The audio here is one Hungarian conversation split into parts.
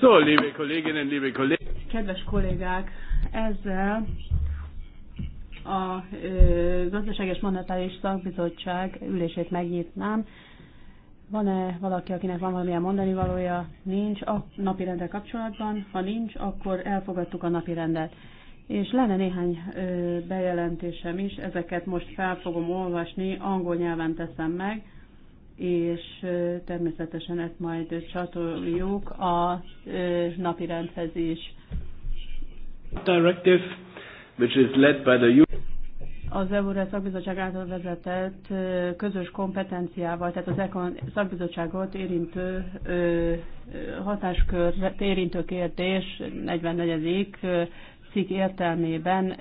So, liebe Kolleginnen, liebe Kollegen. Kedves kollégák, ezzel a Gazdaságos Monetáris Szakbizottság ülését megnyitnám. Van-e valaki, akinek van valamilyen mondani valója? Nincs a napi rendel kapcsolatban. Ha nincs, akkor elfogadtuk a napi rendet. És lenne néhány bejelentésem is, ezeket most fel fogom olvasni, angol nyelven teszem meg és természetesen ezt majd csatoljuk a napi rendhez is. Directive, which is led by the az európai szakbizottság által vezetett közös kompetenciával, tehát az ECON szakbizottságot érintő hatáskör érintő kérdés 44. cikk értelmében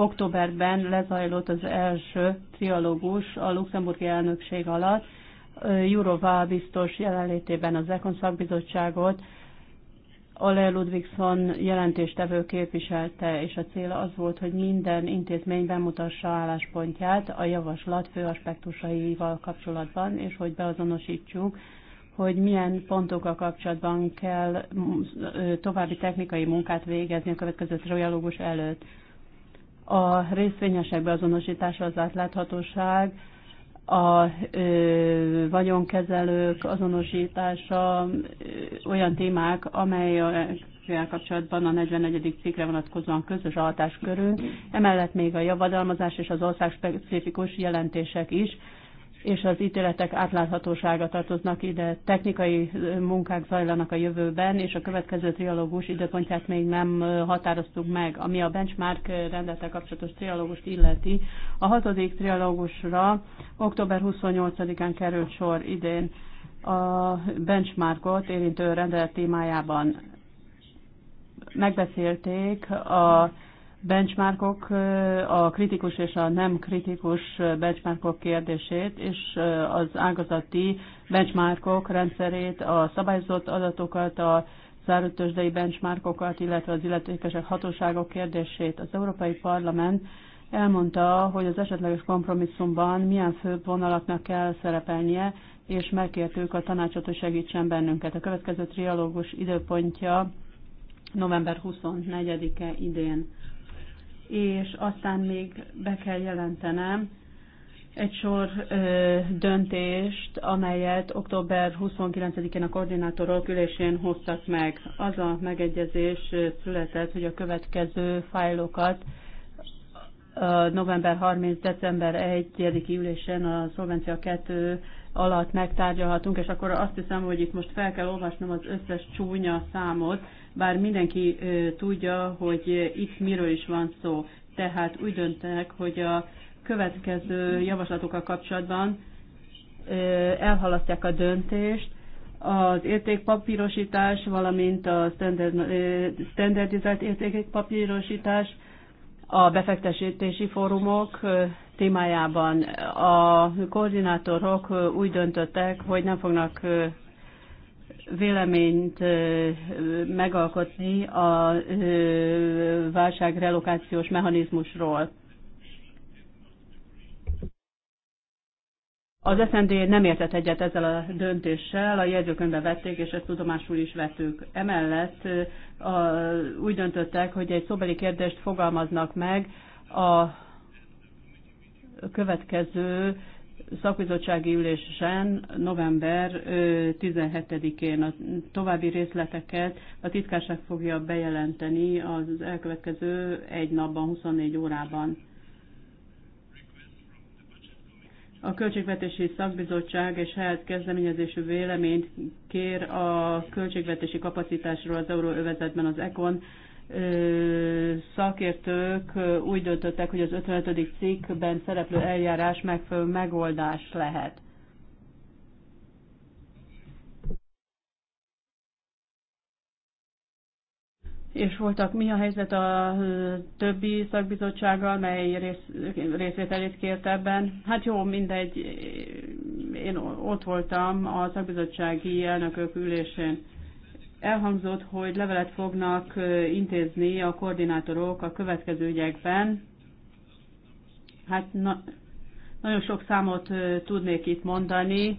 Októberben lezajlott az első trialógus a luxemburgi elnökség alatt. Jurová biztos jelenlétében az Ekon szakbizottságot Ale Ludvigson jelentéstevő képviselte, és a cél az volt, hogy minden intézmény bemutassa álláspontját a javaslat fő aspektusaival kapcsolatban, és hogy beazonosítsuk, hogy milyen pontokkal kapcsolatban kell további technikai munkát végezni a következő trialógus előtt a részvényesek beazonosítása, az átláthatóság, a ö, vagyonkezelők azonosítása, ö, olyan témák, a kapcsolatban a 44. cikkre vonatkozóan közös a hatáskörünk, emellett még a javadalmazás és az ország specifikus jelentések is, és az ítéletek átláthatósága tartoznak ide. Technikai munkák zajlanak a jövőben, és a következő trialógus időpontját még nem határoztuk meg. Ami a benchmark rendelte kapcsolatos trialógust illeti, a hatodik trialógusra október 28-án került sor idén a benchmarkot érintő rendelet témájában. Megbeszélték a benchmarkok, a kritikus és a nem kritikus benchmarkok kérdését, és az ágazati benchmarkok rendszerét, a szabályozott adatokat, a zárultősdei benchmarkokat, illetve az illetékesek hatóságok kérdését. Az Európai Parlament elmondta, hogy az esetleges kompromisszumban milyen főbb vonalaknak kell szerepelnie, és megkértük a tanácsot, hogy segítsen bennünket. A következő trialógus időpontja november 24-e idén és aztán még be kell jelentenem egy sor ö, döntést, amelyet október 29-én a koordinátorok ülésén hoztak meg. Az a megegyezés született, hogy a következő fájlokat a november 30. december 1. ülésen a Szolvencia 2 alatt megtárgyalhatunk, és akkor azt hiszem, hogy itt most fel kell olvasnom az összes csúnya számot, bár mindenki tudja, hogy itt miről is van szó. Tehát úgy döntenek, hogy a következő javaslatokkal kapcsolatban elhalasztják a döntést, az értékpapírosítás, valamint a standard, standardizált értékpapírosítás, a befektetési fórumok témájában. A koordinátorok úgy döntöttek, hogy nem fognak véleményt megalkotni a válság relokációs mechanizmusról. Az SZND nem értett egyet ezzel a döntéssel, a jegyzőkönyvbe vették, és ezt tudomásul is vettük. Emellett a, úgy döntöttek, hogy egy szóbeli kérdést fogalmaznak meg a következő szakbizottsági ülésen november 17-én a további részleteket a titkárság fogja bejelenteni az elkövetkező egy napban, 24 órában. A Költségvetési Szakbizottság és saját kezdeményezésű véleményt kér a költségvetési kapacitásról az euróövezetben az ECON. Szakértők úgy döntöttek, hogy az 55. cikkben szereplő eljárás megfelelő megoldás lehet. és voltak mi a helyzet a többi szakbizottsággal, mely rész, részvételét kért ebben. Hát jó, mindegy, én ott voltam a szakbizottsági elnökök ülésén. Elhangzott, hogy levelet fognak intézni a koordinátorok a következő ügyekben. Hát na, nagyon sok számot tudnék itt mondani,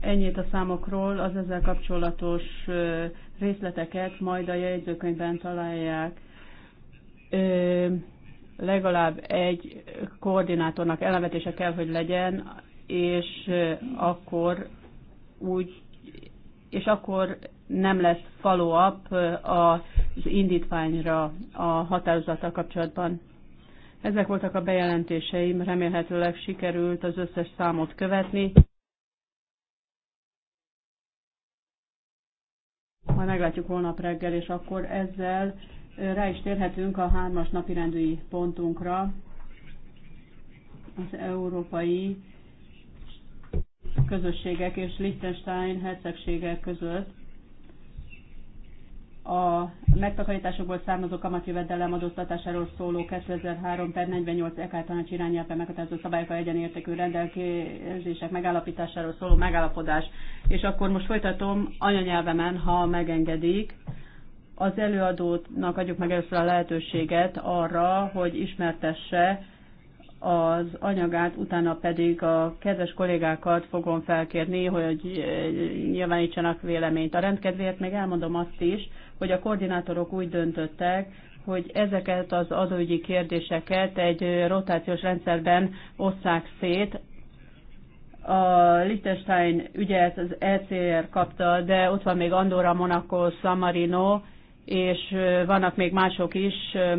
Ennyit a számokról, az ezzel kapcsolatos részleteket majd a jegyzőkönyvben találják. Legalább egy koordinátornak elemetése kell, hogy legyen, és akkor úgy, és akkor nem lesz follow-up az indítványra a határozattal kapcsolatban. Ezek voltak a bejelentéseim, remélhetőleg sikerült az összes számot követni. majd meglátjuk holnap reggel, és akkor ezzel rá is térhetünk a hármas napi rendői pontunkra, az európai közösségek és Liechtenstein hercegségek között a megtakarításokból származó kamatjövedelem adóztatásáról szóló 2003 per 48 EK tanács irányelve meghatározott szabályokkal egyenértékű rendelkezések megállapításáról szóló megállapodás. És akkor most folytatom anyanyelvemen, ha megengedik. Az előadónak adjuk meg először a lehetőséget arra, hogy ismertesse az anyagát, utána pedig a kedves kollégákat fogom felkérni, hogy eh, nyilvánítsanak véleményt. A rendkedvéért még elmondom azt is, hogy a koordinátorok úgy döntöttek, hogy ezeket az adóügyi kérdéseket egy rotációs rendszerben osszák szét. A Liechtenstein ügyet az ECR kapta, de ott van még Andorra, Monaco, San Marino, és eh, vannak még mások is, eh,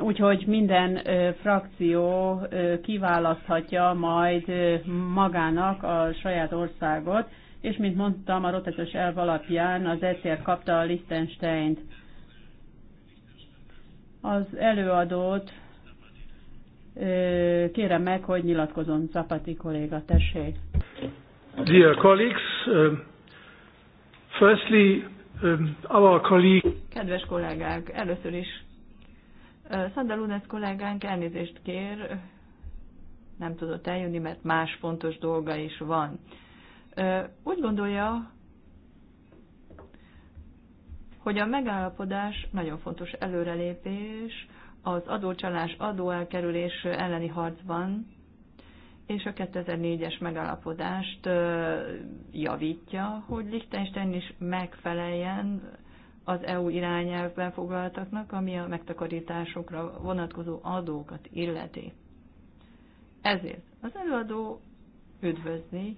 Úgyhogy minden frakció kiválaszthatja majd magának a saját országot, és mint mondtam, a rotációs elv alapján az ECR kapta a Liechtenstein-t. Az előadót kérem meg, hogy nyilatkozom Zapati kolléga, tessék. Dear colleagues, firstly, our colleague... Kedves kollégák, először is Szanda Lunes kollégánk elnézést kér, nem tudott eljönni, mert más fontos dolga is van. Úgy gondolja, hogy a megállapodás nagyon fontos előrelépés az adócsalás, adóelkerülés elleni harcban, és a 2004-es megállapodást javítja, hogy Liechtenstein is megfeleljen az EU irányelvben foglaltaknak, ami a megtakarításokra vonatkozó adókat illeti. Ezért az előadó üdvözli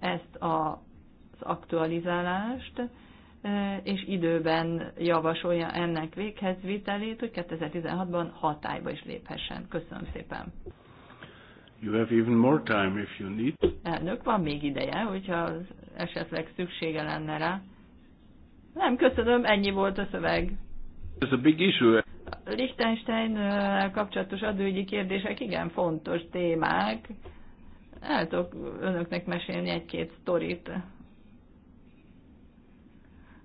ezt a, az aktualizálást, e, és időben javasolja ennek véghezvitelét, hogy 2016-ban hatályba is léphessen. Köszönöm szépen. You have even more time if you need. Elnök, van még ideje, hogyha esetleg szüksége lenne rá. Nem, köszönöm, ennyi volt a szöveg. Ez a big issue. Liechtenstein kapcsolatos adőgyi kérdések igen fontos témák. El tudok önöknek mesélni egy-két sztorit.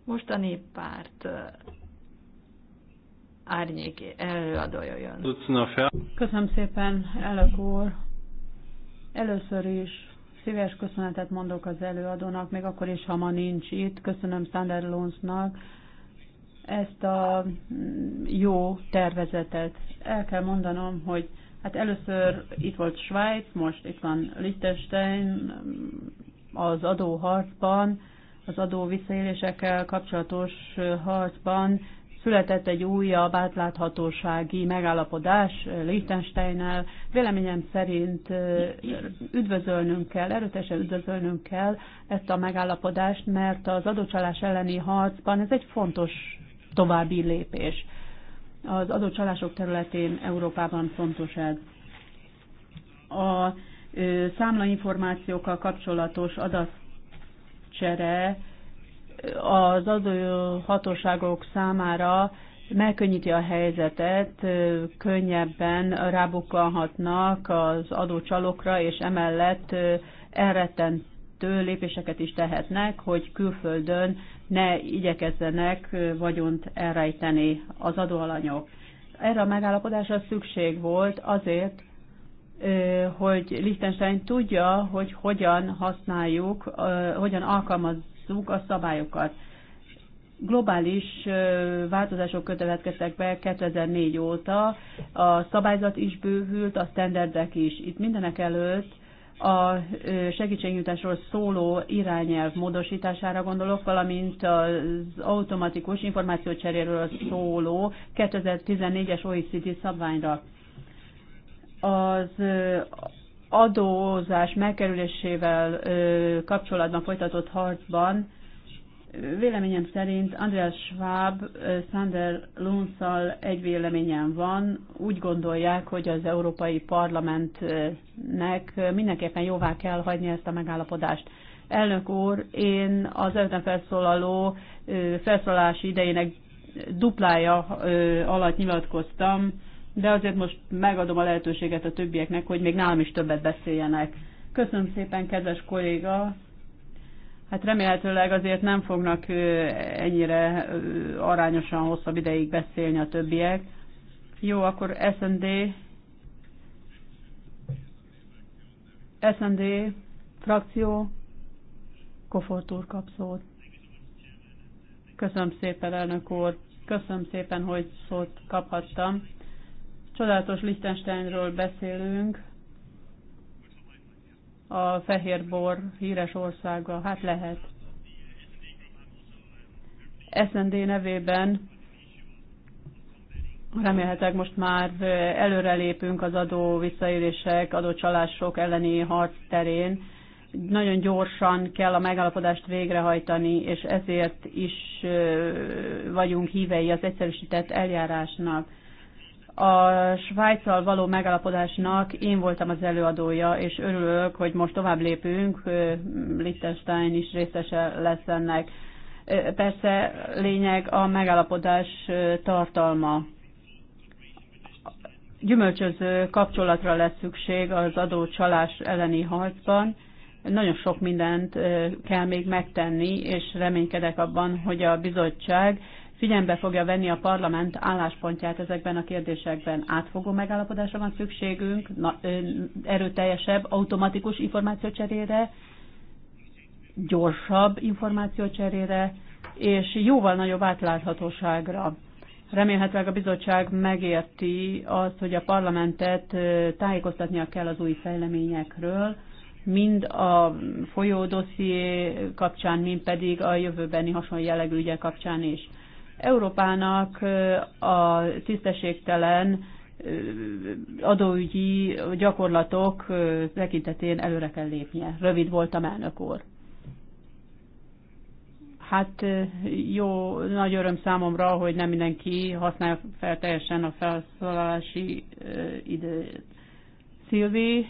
Most a néppárt uh, árnyék előadója jön. Köszönöm szépen, elnök úr. Először is Szíves köszönetet mondok az előadónak, még akkor is, ha ma nincs itt. Köszönöm Sander Lonsnak ezt a mm, jó tervezetet. El kell mondanom, hogy hát először itt volt Svájc, most itt van Liechtenstein mm, az adóharcban, az adó visszaélésekkel kapcsolatos harcban Született egy újabb átláthatósági megállapodás eh, Liechtensteinnel. Véleményem szerint eh, üdvözölnünk kell, erőteljesen üdvözölnünk kell ezt a megállapodást, mert az adócsalás elleni harcban ez egy fontos további lépés. Az adócsalások területén Európában fontos ez. A eh, számlainformációkkal kapcsolatos adatcsere az adóhatóságok számára megkönnyíti a helyzetet, könnyebben rábukkanhatnak az adócsalokra, és emellett elrettentő lépéseket is tehetnek, hogy külföldön ne igyekezzenek vagyont elrejteni az adóalanyok. Erre a megállapodásra szükség volt azért, hogy Liechtenstein tudja, hogy hogyan használjuk, hogyan alkalmaz betartsuk a szabályokat. Globális változások következtek be 2004 óta, a szabályzat is bővült, a standardek is. Itt mindenek előtt a segítségnyújtásról szóló irányelv módosítására gondolok, valamint az automatikus információcseréről szóló 2014-es OECD szabványra. Az adózás megkerülésével kapcsolatban folytatott harcban véleményem szerint Andreas Schwab, Sander Lunszal egy véleményen van. Úgy gondolják, hogy az Európai Parlamentnek mindenképpen jóvá kell hagyni ezt a megállapodást. Elnök úr, én az előttem felszólaló felszólalási idejének duplája alatt nyilatkoztam, de azért most megadom a lehetőséget a többieknek, hogy még nálam is többet beszéljenek. Köszönöm szépen, kedves kolléga! Hát remélhetőleg azért nem fognak ennyire arányosan hosszabb ideig beszélni a többiek. Jó, akkor SND. SND frakció. Kofortúr kap szót. Köszönöm szépen, elnök úr. Köszönöm szépen, hogy szót kaphattam. Csodálatos Liechtensteinről beszélünk, a fehérbor híres országa, hát lehet. SND nevében remélhetek most már előrelépünk az adó visszaélések, adócsalások elleni harc terén. Nagyon gyorsan kell a megállapodást végrehajtani, és ezért is vagyunk hívei az egyszerűsített eljárásnak a Svájccal való megállapodásnak én voltam az előadója, és örülök, hogy most tovább lépünk, Liechtenstein is részese lesz ennek. Persze lényeg a megállapodás tartalma. Gyümölcsöző kapcsolatra lesz szükség az adócsalás elleni harcban. Nagyon sok mindent kell még megtenni, és reménykedek abban, hogy a bizottság figyelembe fogja venni a parlament álláspontját ezekben a kérdésekben. Átfogó megállapodásra van szükségünk, erőteljesebb, automatikus információcserére, gyorsabb információcserére, és jóval nagyobb átláthatóságra. Remélhetőleg a bizottság megérti azt, hogy a parlamentet tájékoztatnia kell az új fejleményekről, mind a folyó kapcsán, mind pedig a jövőbeni hasonló jellegű ügyek kapcsán is. Európának a tisztességtelen adóügyi gyakorlatok tekintetén előre kell lépnie. Rövid voltam, elnök úr. Hát jó, nagy öröm számomra, hogy nem mindenki használja fel teljesen a felszólalási időt. Szilvi,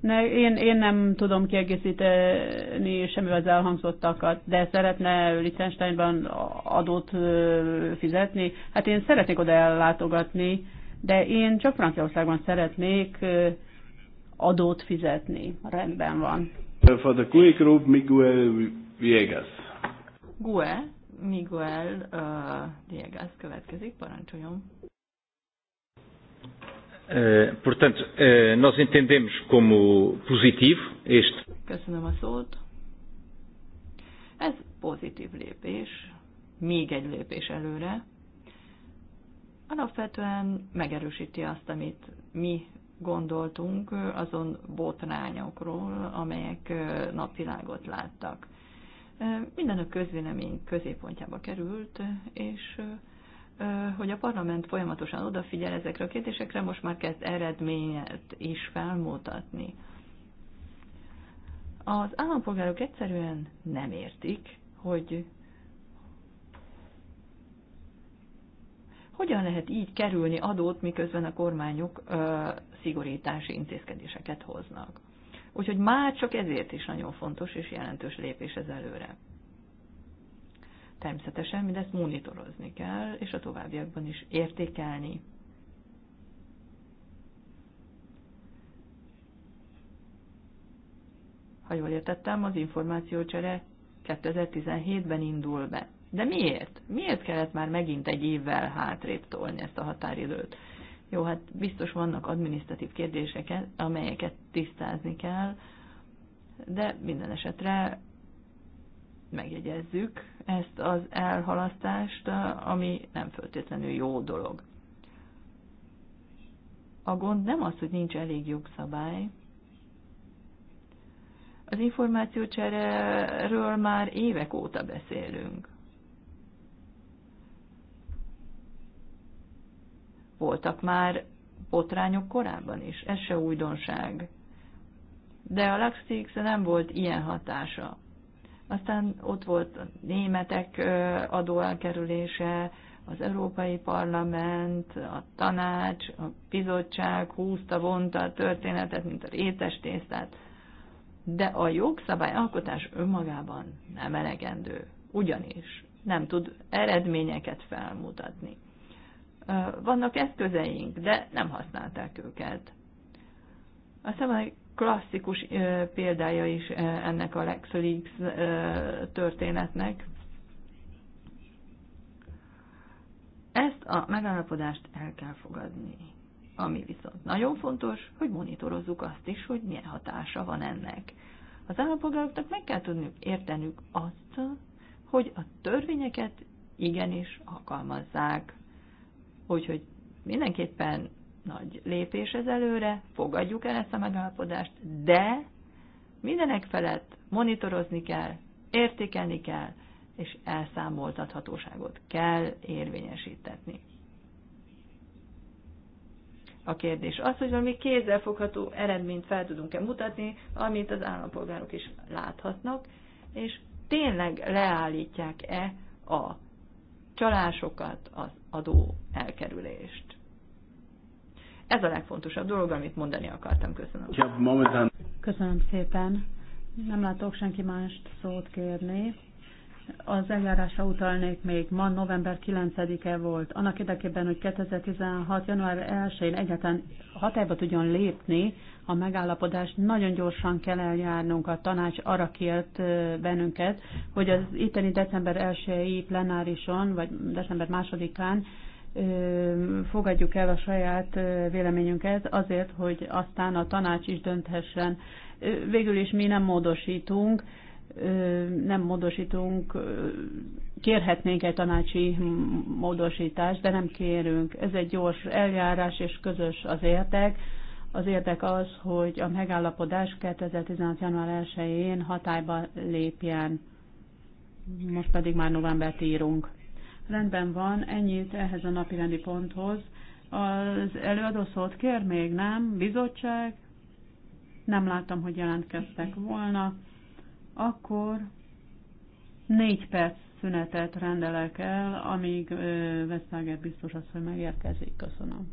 ne, én, én nem tudom kiegészíteni semmivel az elhangzottakat, de szeretne Liechtensteinben adót fizetni. Hát én szeretnék oda ellátogatni, de én csak Franciaországban szeretnék adót fizetni. Rendben van. For the Quick Group, Miguel Viegas. Gue, Miguel uh, Viegas következik, parancsoljon. Eh, portanto, eh, nós entendemos como positivo este. Köszönöm a szót. Ez pozitív lépés, még egy lépés előre. Alapvetően megerősíti azt, amit mi gondoltunk azon botrányokról, amelyek eh, napvilágot láttak. Minden a közvélemény középpontjába került, és hogy a parlament folyamatosan odafigyel ezekre a kérdésekre, most már kezd eredményet is felmutatni. Az állampolgárok egyszerűen nem értik, hogy hogyan lehet így kerülni adót, miközben a kormányok ö, szigorítási intézkedéseket hoznak. Úgyhogy már csak ezért is nagyon fontos és jelentős lépés ez előre. Természetesen mindezt monitorozni kell, és a továbbiakban is értékelni. Ha jól értettem, az információcsere 2017-ben indul be. De miért? Miért kellett már megint egy évvel hátrébb tolni ezt a határidőt? Jó, hát biztos vannak adminisztratív kérdések, amelyeket tisztázni kell, de minden esetre megjegyezzük ezt az elhalasztást, ami nem feltétlenül jó dolog. A gond nem az, hogy nincs elég jogszabály. Az információcseréről már évek óta beszélünk. Voltak már botrányok korábban is, ez se újdonság. De a LuxX nem volt ilyen hatása. Aztán ott volt a németek adóelkerülése, az Európai Parlament, a tanács, a bizottság húzta, vonta a történetet, mint a rétes tésztát. De a jogszabályalkotás önmagában nem elegendő, ugyanis nem tud eredményeket felmutatni. Vannak eszközeink, de nem használták őket. Aztán klasszikus példája is ennek a ö, történetnek. Ezt a megállapodást el kell fogadni. Ami viszont nagyon fontos, hogy monitorozzuk azt is, hogy milyen hatása van ennek. Az állampolgároknak meg kell tudniuk értenük azt, hogy a törvényeket igenis alkalmazzák. Úgyhogy mindenképpen nagy lépés ez előre, fogadjuk el ezt a megállapodást, de mindenek felett monitorozni kell, értékelni kell, és elszámoltathatóságot kell érvényesítetni. A kérdés az, hogy valami kézzelfogható eredményt fel tudunk-e mutatni, amit az állampolgárok is láthatnak, és tényleg leállítják-e a csalásokat, az adó elkerülést. Ez a legfontosabb dolog, amit mondani akartam. Köszönöm. Köszönöm szépen. Nem látok senki mást szót kérni. Az eljárásra utalnék még. Ma november 9-e volt. Annak érdekében, hogy 2016. január 1-én egyáltalán hatályba tudjon lépni a megállapodást, nagyon gyorsan kell eljárnunk. A tanács arra kért bennünket, hogy az itteni december 1-i plenárison, vagy december 2-án fogadjuk el a saját véleményünket azért, hogy aztán a tanács is dönthessen. Végül is mi nem módosítunk, nem módosítunk, kérhetnénk egy tanácsi módosítást, de nem kérünk. Ez egy gyors eljárás, és közös az értek. Az érdek az, hogy a megállapodás 2016. január 1-én hatályba lépjen. Most pedig már novembert írunk. Rendben van, ennyit ehhez a rendi ponthoz. Az előadó szót kér még, nem? Bizottság? Nem láttam, hogy jelentkeztek volna. Akkor négy perc szünetet rendelek el, amíg Veszáger biztos az, hogy megérkezik. Köszönöm.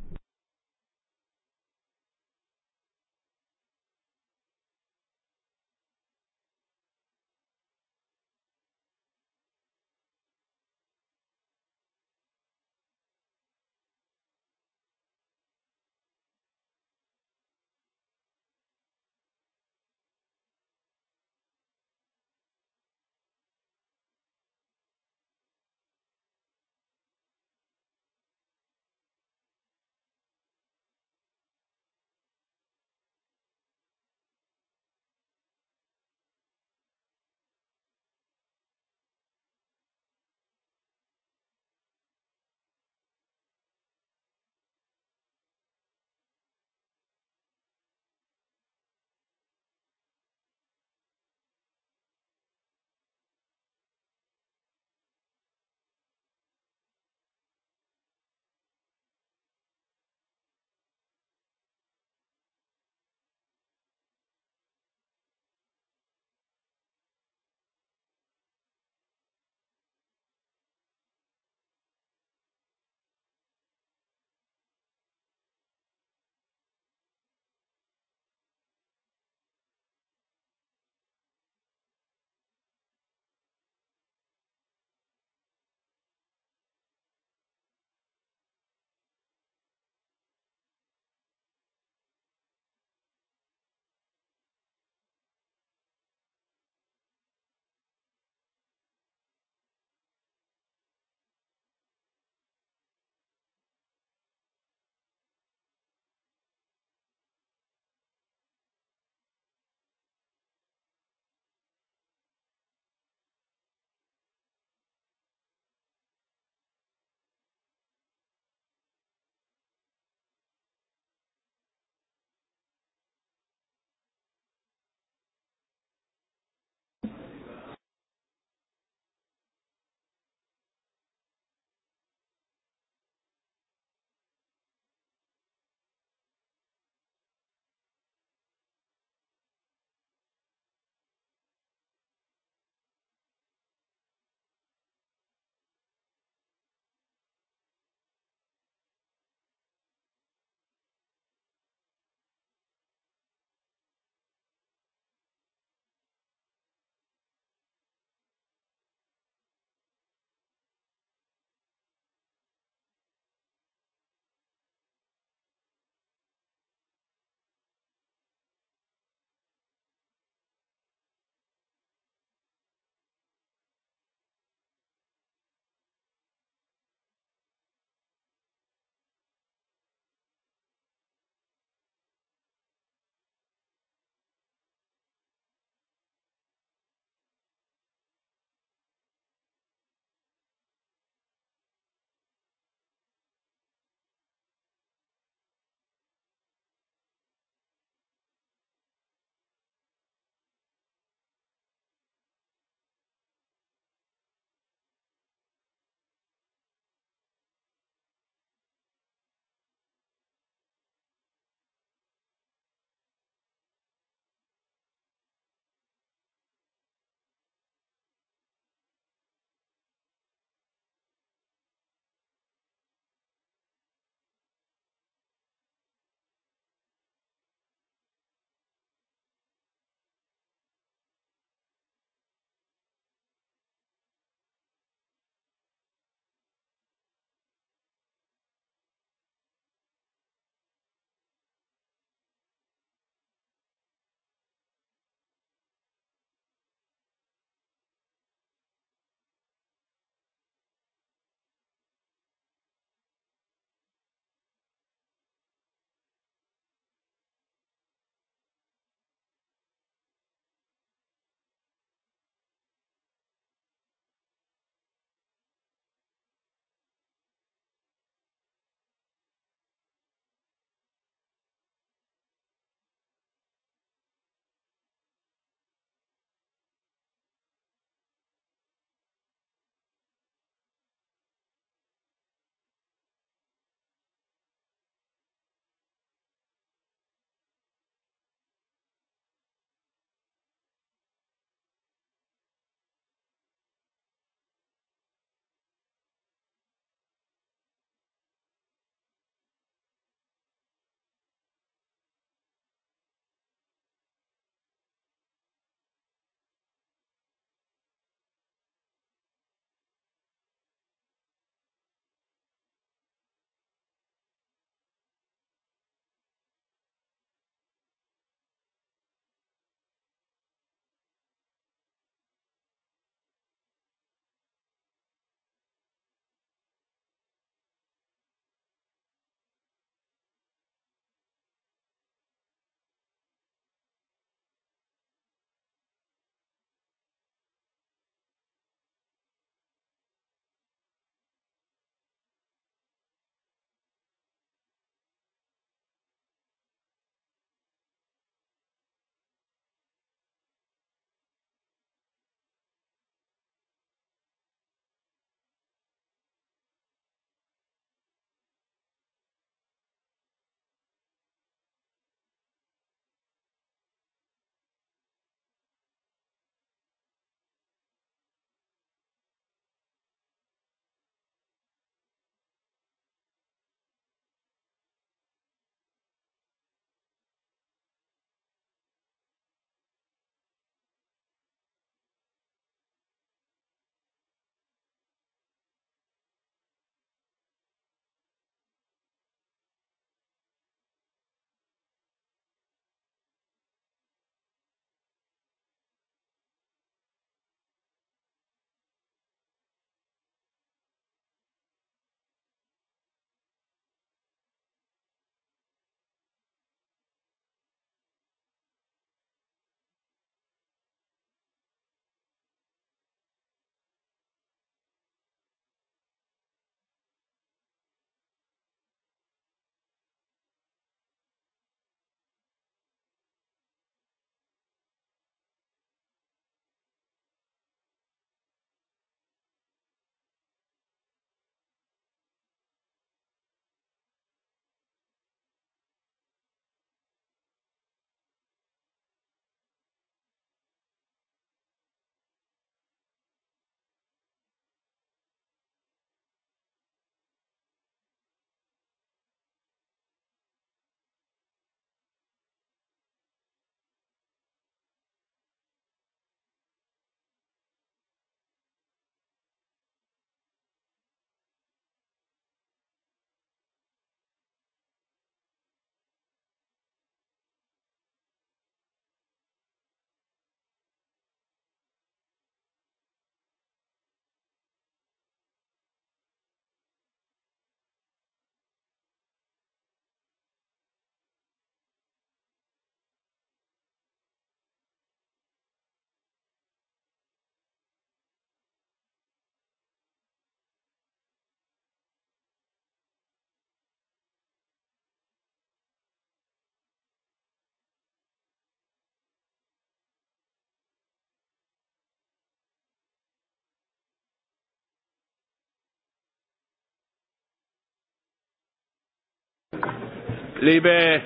Liebe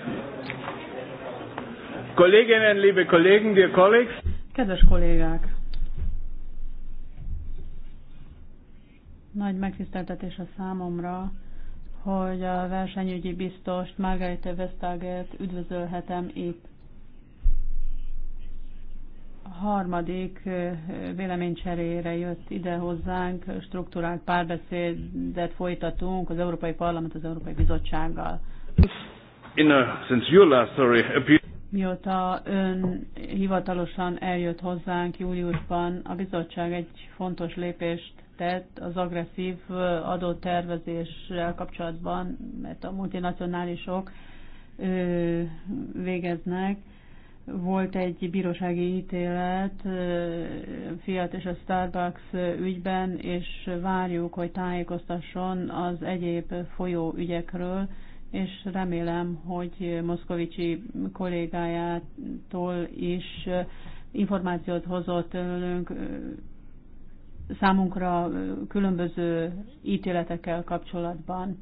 Kolleginnen, liebe Kollegen, dear colleagues. Kedves kollégák! Nagy megtiszteltetés a számomra, hogy a versenyügyi biztost Margarete Vestaget üdvözölhetem itt. A harmadik véleménycserére jött ide hozzánk, struktúrált párbeszédet folytatunk az Európai Parlament az Európai Bizottsággal in a, since your last Mióta ön hivatalosan eljött hozzánk júliusban, a bizottság egy fontos lépést tett az agresszív adótervezéssel kapcsolatban, mert a multinacionálisok ö, végeznek. Volt egy bírósági ítélet Fiat és a Starbucks ügyben, és várjuk, hogy tájékoztasson az egyéb folyó ügyekről, és remélem, hogy Moszkovicsi kollégájától is információt hozott önök számunkra különböző ítéletekkel kapcsolatban.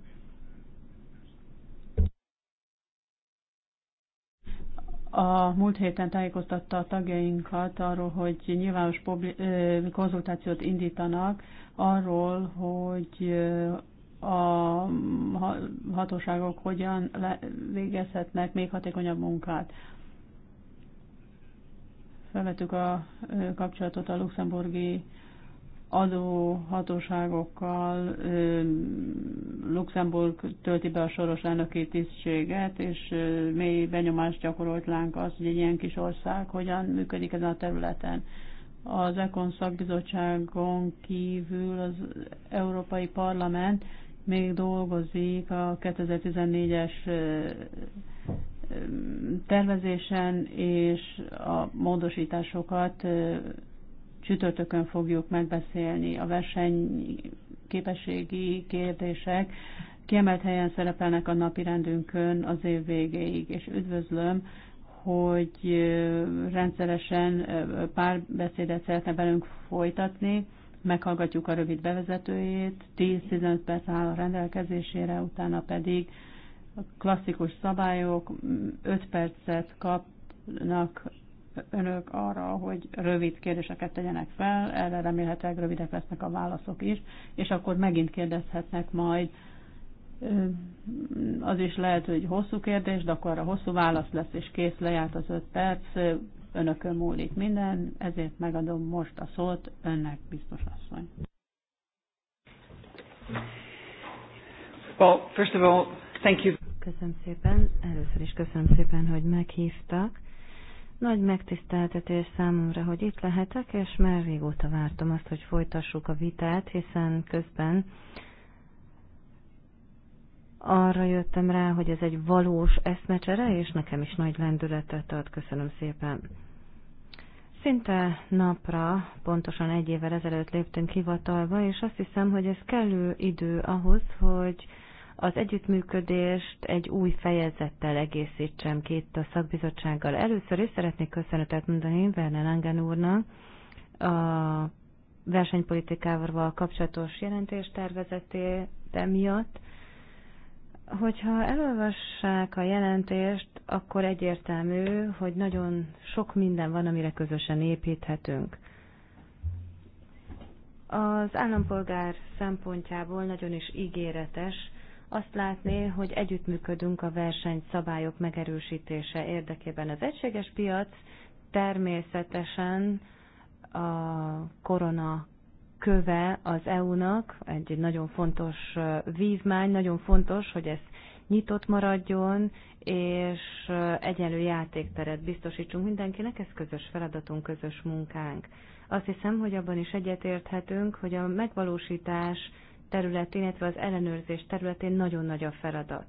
A múlt héten tájékoztatta a tagjainkat arról, hogy nyilvános konzultációt indítanak arról, hogy a hatóságok hogyan végezhetnek még hatékonyabb munkát. Felvettük a kapcsolatot a luxemburgi adóhatóságokkal, Luxemburg tölti be a soros elnöki tisztséget, és mély benyomást gyakorolt lánk az, hogy egy ilyen kis ország hogyan működik ezen a területen. Az Ekon szakbizottságon kívül az Európai Parlament még dolgozik a 2014-es tervezésen, és a módosításokat csütörtökön fogjuk megbeszélni. A versenyképességi kérdések kiemelt helyen szerepelnek a napi rendünkön az év végéig, és üdvözlöm, hogy rendszeresen párbeszédet szeretne velünk folytatni, meghallgatjuk a rövid bevezetőjét, 10-15 perc áll a rendelkezésére, utána pedig a klasszikus szabályok 5 percet kapnak önök arra, hogy rövid kérdéseket tegyenek fel, erre remélhetőleg rövidek lesznek a válaszok is, és akkor megint kérdezhetnek majd, az is lehet, hogy hosszú kérdés, de akkor a hosszú válasz lesz, és kész lejárt az öt perc, önökön múlik minden, ezért megadom most a szót önnek, biztos asszony. Well, first of all, thank you. Köszönöm szépen. Először is köszönöm szépen, hogy meghívtak. Nagy megtiszteltetés számomra, hogy itt lehetek, és már régóta vártam azt, hogy folytassuk a vitát, hiszen közben arra jöttem rá, hogy ez egy valós eszmecsere, és nekem is nagy lendületet ad. Köszönöm szépen. Szinte napra, pontosan egy évvel ezelőtt léptünk hivatalba, és azt hiszem, hogy ez kellő idő ahhoz, hogy az együttműködést egy új fejezettel egészítsem ki itt a szakbizottsággal. Először is szeretnék köszönetet mondani Werner Langen úrnak a versenypolitikával kapcsolatos jelentéstervezeté miatt, Hogyha elolvassák a jelentést, akkor egyértelmű, hogy nagyon sok minden van, amire közösen építhetünk. Az állampolgár szempontjából nagyon is ígéretes azt látni, hogy együttműködünk a verseny szabályok megerősítése érdekében. Az egységes piac természetesen a korona köve az EU-nak, egy, egy nagyon fontos vívmány, nagyon fontos, hogy ez nyitott maradjon, és egyenlő játékteret biztosítsunk mindenkinek, ez közös feladatunk, közös munkánk. Azt hiszem, hogy abban is egyetérthetünk, hogy a megvalósítás területén, illetve az ellenőrzés területén nagyon nagy a feladat.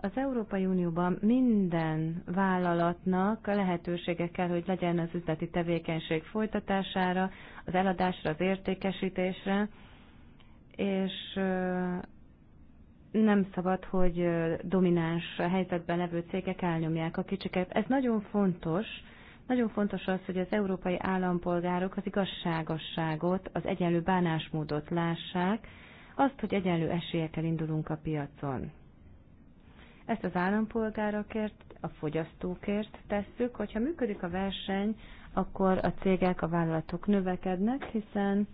Az Európai Unióban minden vállalatnak lehetősége kell, hogy legyen az üzleti tevékenység folytatására, az eladásra, az értékesítésre, és nem szabad, hogy domináns helyzetben levő cégek elnyomják a kicsiket. Ez nagyon fontos, nagyon fontos az, hogy az európai állampolgárok az igazságosságot, az egyenlő bánásmódot lássák, azt, hogy egyenlő esélyekkel indulunk a piacon. Ezt az állampolgárokért, a fogyasztókért tesszük. Hogyha működik a verseny, akkor a cégek, a vállalatok növekednek, hiszen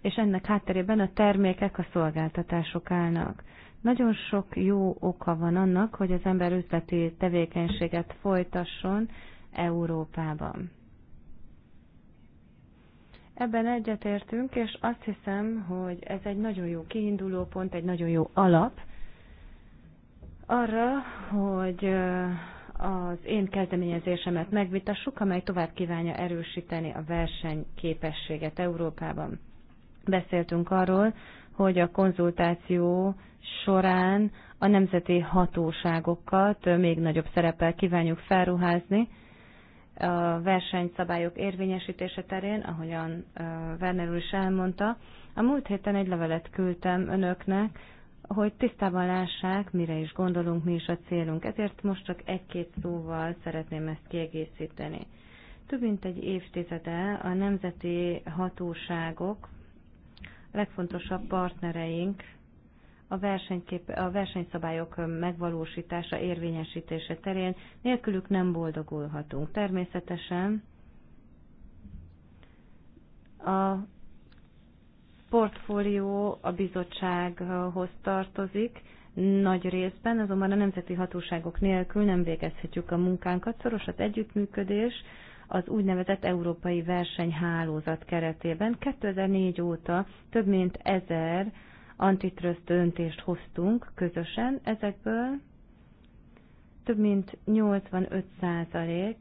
és ennek hátterében a termékek, a szolgáltatások állnak. Nagyon sok jó oka van annak, hogy az ember üzleti tevékenységet folytasson Európában. Ebben egyetértünk, és azt hiszem, hogy ez egy nagyon jó kiinduló pont, egy nagyon jó alap, arra, hogy az én kezdeményezésemet megvitassuk, amely tovább kívánja erősíteni a versenyképességet Európában. Beszéltünk arról, hogy a konzultáció során a nemzeti hatóságokat még nagyobb szereppel kívánjuk felruházni a versenyszabályok érvényesítése terén, ahogyan Werner úr is elmondta. A múlt héten egy levelet küldtem önöknek, hogy tisztában lássák, mire is gondolunk, mi is a célunk. Ezért most csak egy-két szóval szeretném ezt kiegészíteni. Több mint egy évtizede a nemzeti hatóságok, legfontosabb partnereink a, versenykép, a versenyszabályok megvalósítása, érvényesítése terén nélkülük nem boldogulhatunk. Természetesen a portfólió a bizottsághoz tartozik, nagy részben, azonban a nemzeti hatóságok nélkül nem végezhetjük a munkánkat. Szoros az együttműködés az úgynevezett Európai Versenyhálózat keretében. 2004 óta több mint ezer antitrust döntést hoztunk közösen, ezekből több mint 85%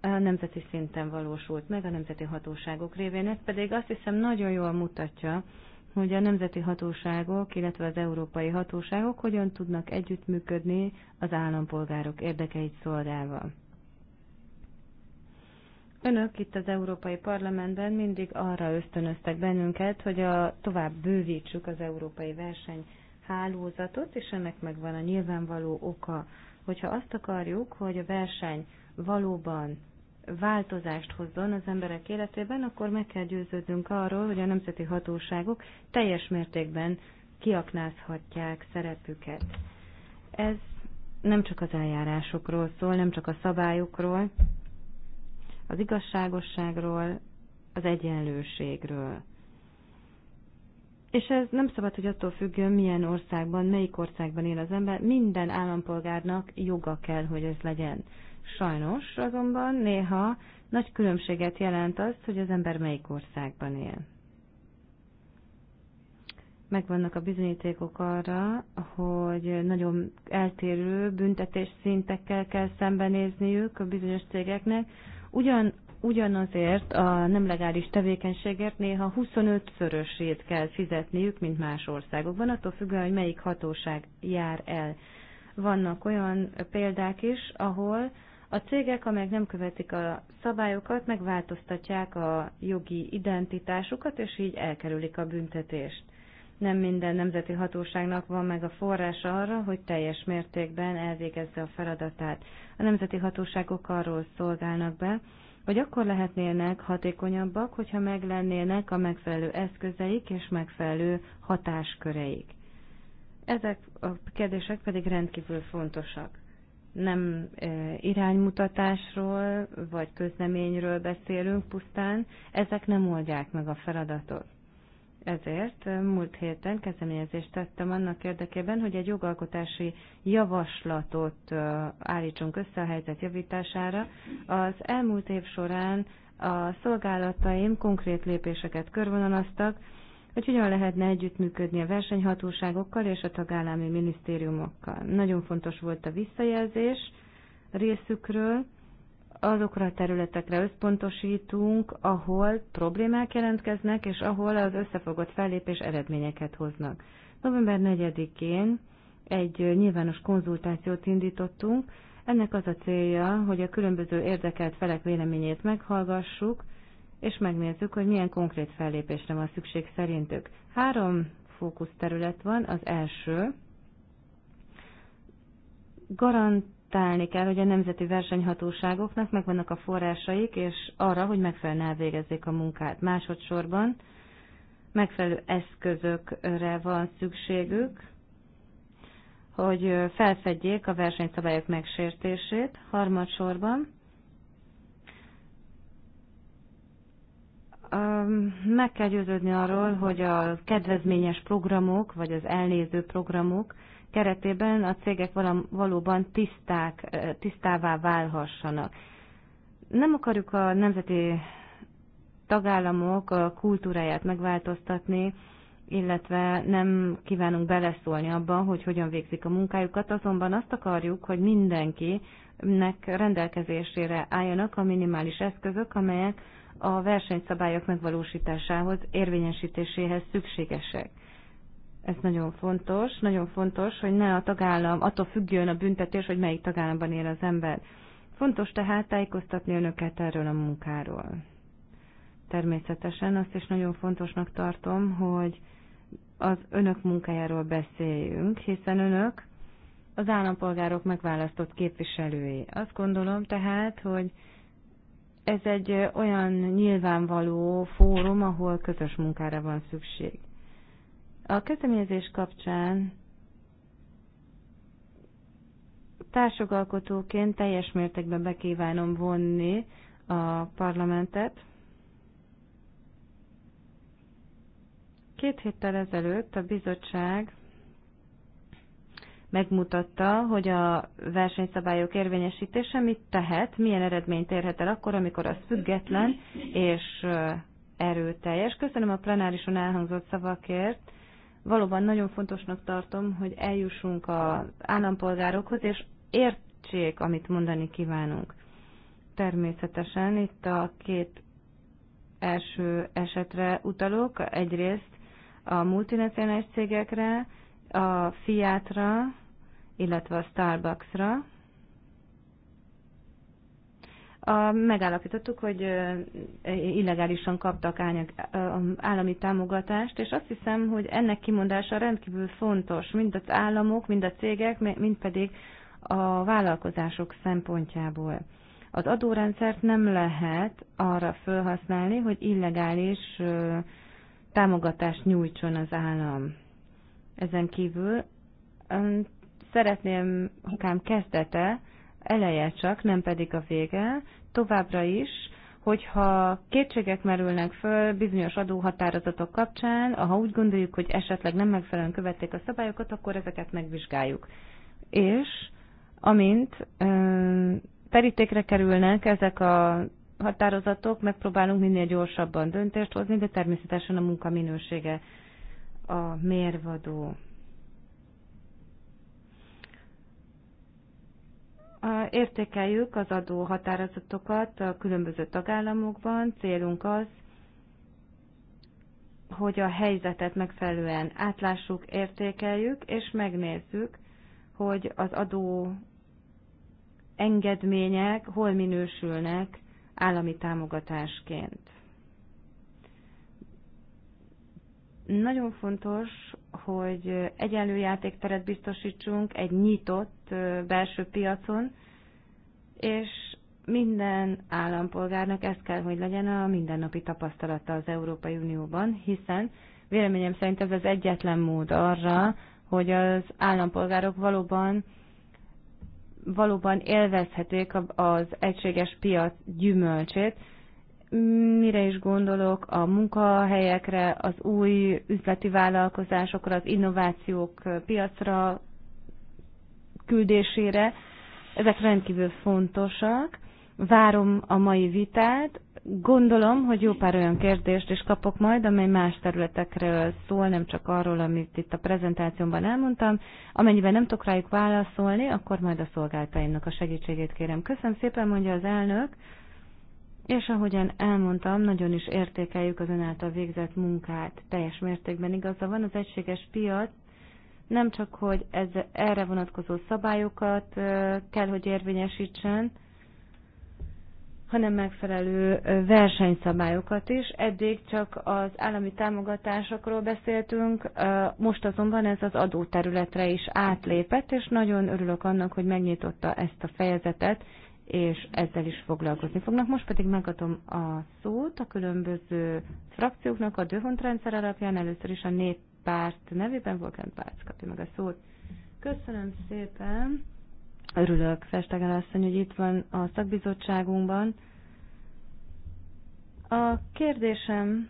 a nemzeti szinten valósult meg a nemzeti hatóságok révén. Ez pedig azt hiszem nagyon jól mutatja, hogy a nemzeti hatóságok, illetve az európai hatóságok hogyan tudnak együttműködni az állampolgárok érdekeit szolgálva. Önök itt az Európai Parlamentben mindig arra ösztönöztek bennünket, hogy a, tovább bővítsük az európai verseny hálózatot, és ennek megvan a nyilvánvaló oka, hogyha azt akarjuk, hogy a verseny valóban változást hozzon az emberek életében, akkor meg kell győződnünk arról, hogy a nemzeti hatóságok teljes mértékben kiaknázhatják szerepüket. Ez nem csak az eljárásokról szól, nem csak a szabályokról, az igazságosságról, az egyenlőségről. És ez nem szabad, hogy attól függjön, milyen országban, melyik országban él az ember, minden állampolgárnak joga kell, hogy ez legyen. Sajnos azonban néha nagy különbséget jelent az, hogy az ember melyik országban él. Megvannak a bizonyítékok arra, hogy nagyon eltérő büntetés szintekkel kell szembenézniük a bizonyos cégeknek. Ugyan, ugyanazért a nem legális tevékenységért néha 25-szörösét kell fizetniük, mint más országokban, attól függően, hogy melyik hatóság jár el. Vannak olyan példák is, ahol a cégek, amelyek nem követik a szabályokat, megváltoztatják a jogi identitásukat, és így elkerülik a büntetést. Nem minden nemzeti hatóságnak van meg a forrása arra, hogy teljes mértékben elvégezze a feladatát. A nemzeti hatóságok arról szolgálnak be, hogy akkor lehetnének hatékonyabbak, hogyha meglennének a megfelelő eszközeik és megfelelő hatásköreik. Ezek a kérdések pedig rendkívül fontosak nem iránymutatásról vagy közleményről beszélünk pusztán, ezek nem oldják meg a feladatot. Ezért múlt héten kezdeményezést tettem annak érdekében, hogy egy jogalkotási javaslatot állítsunk össze a helyzet javítására. Az elmúlt év során a szolgálataim konkrét lépéseket körvonalaztak, hogy hogyan lehetne együttműködni a versenyhatóságokkal és a tagállami minisztériumokkal. Nagyon fontos volt a visszajelzés részükről, azokra a területekre összpontosítunk, ahol problémák jelentkeznek, és ahol az összefogott fellépés eredményeket hoznak. November 4-én egy nyilvános konzultációt indítottunk. Ennek az a célja, hogy a különböző érdekelt felek véleményét meghallgassuk, és megnézzük, hogy milyen konkrét fellépésre van szükség szerintük. Három fókuszterület van. Az első, garantálni kell, hogy a nemzeti versenyhatóságoknak megvannak a forrásaik, és arra, hogy megfelelően elvégezzék a munkát. Másodszorban megfelelő eszközökre van szükségük, hogy felfedjék a versenyszabályok megsértését. Harmadsorban Meg kell győződni arról, hogy a kedvezményes programok, vagy az elnéző programok keretében a cégek valóban tiszták, tisztává válhassanak. Nem akarjuk a nemzeti tagállamok kultúráját megváltoztatni, illetve nem kívánunk beleszólni abban, hogy hogyan végzik a munkájukat, azonban azt akarjuk, hogy mindenkinek rendelkezésére álljanak a minimális eszközök, amelyek a versenyszabályok megvalósításához, érvényesítéséhez szükségesek. Ez nagyon fontos. Nagyon fontos, hogy ne a tagállam, attól függjön a büntetés, hogy melyik tagállamban él az ember. Fontos tehát tájékoztatni önöket erről a munkáról. Természetesen azt is nagyon fontosnak tartom, hogy az önök munkájáról beszéljünk, hiszen önök az állampolgárok megválasztott képviselői. Azt gondolom tehát, hogy ez egy olyan nyilvánvaló fórum, ahol közös munkára van szükség. A kezdeményezés kapcsán társogalkotóként teljes mértékben bekívánom vonni a parlamentet. Két héttel ezelőtt a bizottság megmutatta, hogy a versenyszabályok érvényesítése mit tehet, milyen eredményt érhet el akkor, amikor az független és erőteljes. Köszönöm a plenárison elhangzott szavakért. Valóban nagyon fontosnak tartom, hogy eljussunk az állampolgárokhoz, és értsék, amit mondani kívánunk. Természetesen itt a két első esetre utalok. Egyrészt a multinacionális cégekre, a Fiatra, illetve a Starbucksra. A, megállapítottuk, hogy illegálisan kaptak ányag, állami támogatást, és azt hiszem, hogy ennek kimondása rendkívül fontos, mind az államok, mind a cégek, mind pedig a vállalkozások szempontjából. Az adórendszert nem lehet arra felhasználni, hogy illegális támogatást nyújtson az állam. Ezen kívül szeretném akár kezdete, eleje csak, nem pedig a vége, továbbra is, hogyha kétségek merülnek föl bizonyos adóhatározatok kapcsán, ha úgy gondoljuk, hogy esetleg nem megfelelően követték a szabályokat, akkor ezeket megvizsgáljuk. És amint terítékre kerülnek ezek a határozatok, megpróbálunk minél gyorsabban döntést hozni, de természetesen a munka minősége a mérvadó. Értékeljük az adó határozatokat a különböző tagállamokban. Célunk az, hogy a helyzetet megfelelően átlássuk, értékeljük, és megnézzük, hogy az adó engedmények hol minősülnek állami támogatásként. Nagyon fontos, hogy egyenlő játékteret biztosítsunk egy nyitott belső piacon, és minden állampolgárnak ez kell, hogy legyen a mindennapi tapasztalata az Európai Unióban, hiszen véleményem szerint ez az egyetlen mód arra, hogy az állampolgárok valóban valóban élvezhetik az egységes piac gyümölcsét, mire is gondolok, a munkahelyekre, az új üzleti vállalkozásokra, az innovációk piacra küldésére. Ezek rendkívül fontosak. Várom a mai vitát. Gondolom, hogy jó pár olyan kérdést is kapok majd, amely más területekről szól, nem csak arról, amit itt a prezentációmban elmondtam. Amennyiben nem tudok rájuk válaszolni, akkor majd a szolgáltaimnak a segítségét kérem. Köszönöm szépen, mondja az elnök és ahogyan elmondtam, nagyon is értékeljük az ön által végzett munkát. Teljes mértékben igaza van, az egységes piac nem csak, hogy ez, erre vonatkozó szabályokat kell, hogy érvényesítsen, hanem megfelelő versenyszabályokat is. Eddig csak az állami támogatásokról beszéltünk, most azonban ez az adóterületre is átlépett, és nagyon örülök annak, hogy megnyitotta ezt a fejezetet, és ezzel is foglalkozni fognak. Most pedig megadom a szót a különböző frakcióknak a Döhont rendszer alapján. Először is a néppárt nevében Volkent Bác kapja meg a szót. Köszönöm szépen! Örülök, Festegel asszony, hogy itt van a szakbizottságunkban. A kérdésem,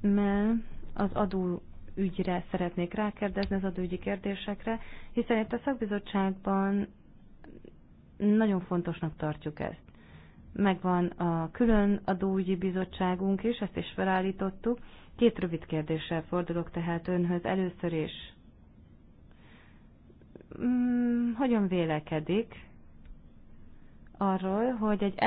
mert az adó ügyre szeretnék rákérdezni, az adóügyi kérdésekre, hiszen itt a szakbizottságban nagyon fontosnak tartjuk ezt. Megvan a külön adóügyi bizottságunk is, ezt is felállítottuk. Két rövid kérdéssel fordulok tehát önhöz. Először is, hmm, hogyan vélekedik arról, hogy egy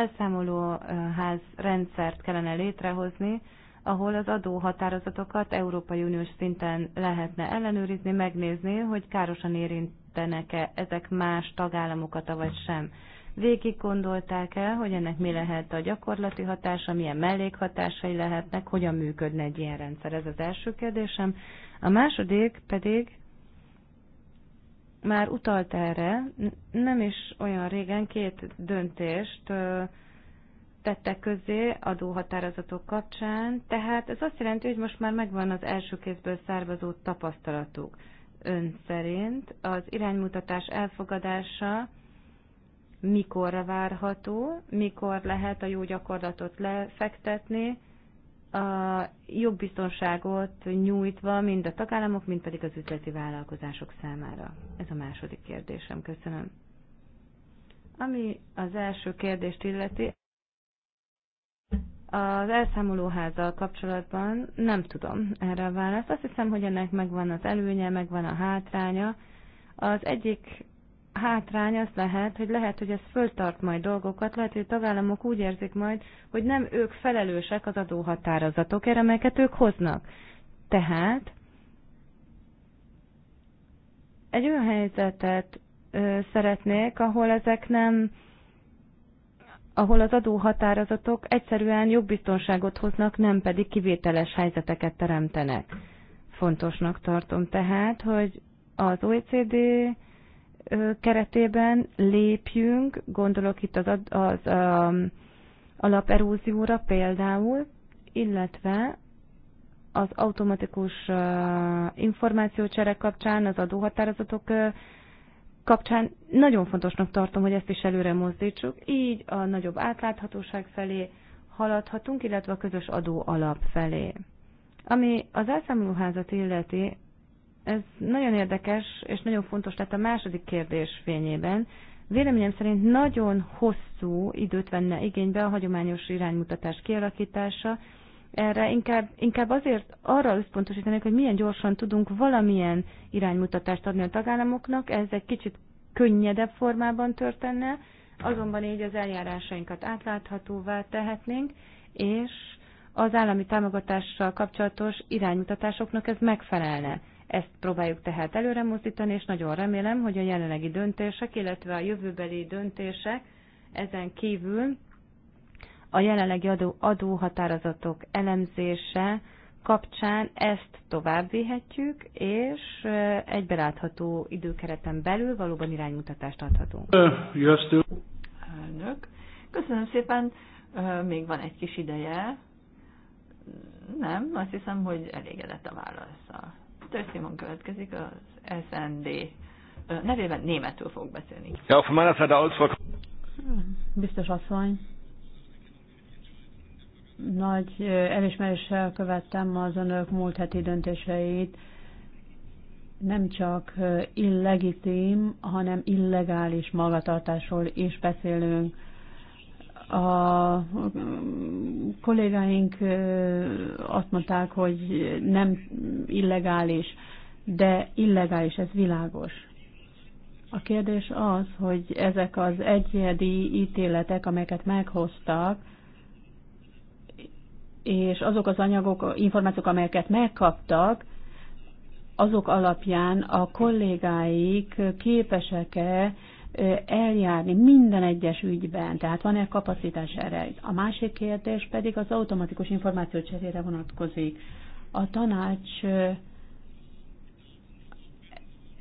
ház rendszert kellene létrehozni, ahol az adóhatározatokat Európai Uniós szinten lehetne ellenőrizni, megnézni, hogy károsan érint, érintenek-e ezek más tagállamokat, vagy sem. Végig gondolták el, hogy ennek mi lehet a gyakorlati hatása, milyen mellékhatásai lehetnek, hogyan működne egy ilyen rendszer. Ez az első kérdésem. A második pedig már utalt erre, nem is olyan régen két döntést tettek közé adóhatározatok kapcsán, tehát ez azt jelenti, hogy most már megvan az első kézből származó tapasztalatuk ön szerint az iránymutatás elfogadása mikorra várható, mikor lehet a jó gyakorlatot lefektetni, a jobb biztonságot nyújtva mind a tagállamok, mind pedig az üzleti vállalkozások számára? Ez a második kérdésem. Köszönöm. Ami az első kérdést illeti, az elszámolóházzal kapcsolatban nem tudom erre a választ. Azt hiszem, hogy ennek megvan az előnye, megvan a hátránya. Az egyik hátrány az lehet, hogy lehet, hogy ez föltart majd dolgokat, lehet, hogy a tagállamok úgy érzik majd, hogy nem ők felelősek az erre amelyeket ők hoznak. Tehát egy olyan helyzetet ö, szeretnék, ahol ezek nem ahol az adóhatározatok egyszerűen jogbiztonságot hoznak, nem pedig kivételes helyzeteket teremtenek. Fontosnak tartom tehát, hogy az OECD keretében lépjünk, gondolok itt az, az um, alaperúzióra például, illetve az automatikus információcsere kapcsán az adóhatározatok kapcsán nagyon fontosnak tartom, hogy ezt is előre mozdítsuk, így a nagyobb átláthatóság felé haladhatunk, illetve a közös adó alap felé. Ami az elszámolóházat illeti, ez nagyon érdekes és nagyon fontos lett a második kérdés fényében. Véleményem szerint nagyon hosszú időt venne igénybe a hagyományos iránymutatás kialakítása, erre inkább, inkább azért arra összpontosítanék, hogy milyen gyorsan tudunk valamilyen iránymutatást adni a tagállamoknak, ez egy kicsit könnyedebb formában történne, azonban így az eljárásainkat átláthatóvá tehetnénk, és az állami támogatással kapcsolatos iránymutatásoknak ez megfelelne. Ezt próbáljuk tehát előre mozdítani, és nagyon remélem, hogy a jelenlegi döntések, illetve a jövőbeli döntések ezen kívül a jelenlegi adó, adóhatározatok elemzése kapcsán ezt tovább vihetjük, és egybelátható időkereten belül valóban iránymutatást adhatunk. Jöttünk. Elnök. Köszönöm szépen. Még van egy kis ideje. Nem, azt hiszem, hogy elégedett a válaszsal. Törszimon következik az SND nevében németül fog beszélni. Ja, Biztos asszony. Nagy elismeréssel követtem az önök múlt heti döntéseit. Nem csak illegitim, hanem illegális magatartásról is beszélünk. A kollégáink azt mondták, hogy nem illegális, de illegális, ez világos. A kérdés az, hogy ezek az egyedi ítéletek, amelyeket meghoztak, és azok az anyagok, információk, amelyeket megkaptak, azok alapján a kollégáik képesek-e eljárni minden egyes ügyben, tehát van-e kapacitás erre. A másik kérdés pedig az automatikus információcserére vonatkozik. A tanács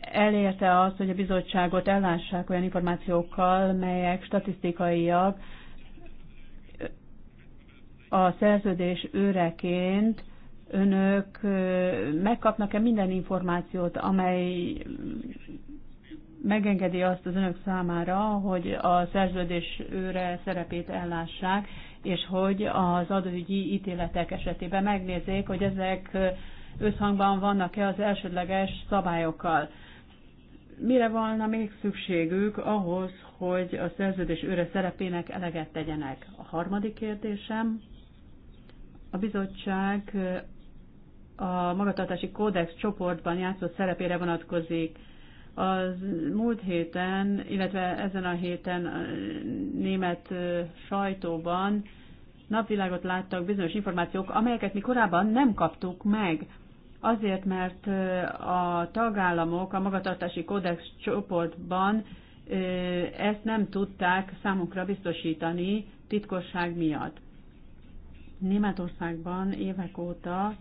elérte azt, hogy a bizottságot ellássák olyan információkkal, melyek statisztikaiak, a szerződés őreként önök megkapnak-e minden információt, amely megengedi azt az önök számára, hogy a szerződés őre szerepét ellássák, és hogy az adóügyi ítéletek esetében megnézzék, hogy ezek összhangban vannak-e az elsődleges szabályokkal. Mire volna még szükségük ahhoz, hogy a szerződés őre szerepének eleget tegyenek? A harmadik kérdésem, a bizottság a magatartási kódex csoportban játszott szerepére vonatkozik. Az múlt héten, illetve ezen a héten a német sajtóban napvilágot láttak bizonyos információk, amelyeket mi korábban nem kaptuk meg. Azért, mert a tagállamok a magatartási kódex csoportban ezt nem tudták számunkra biztosítani titkosság miatt. Németországban évek óta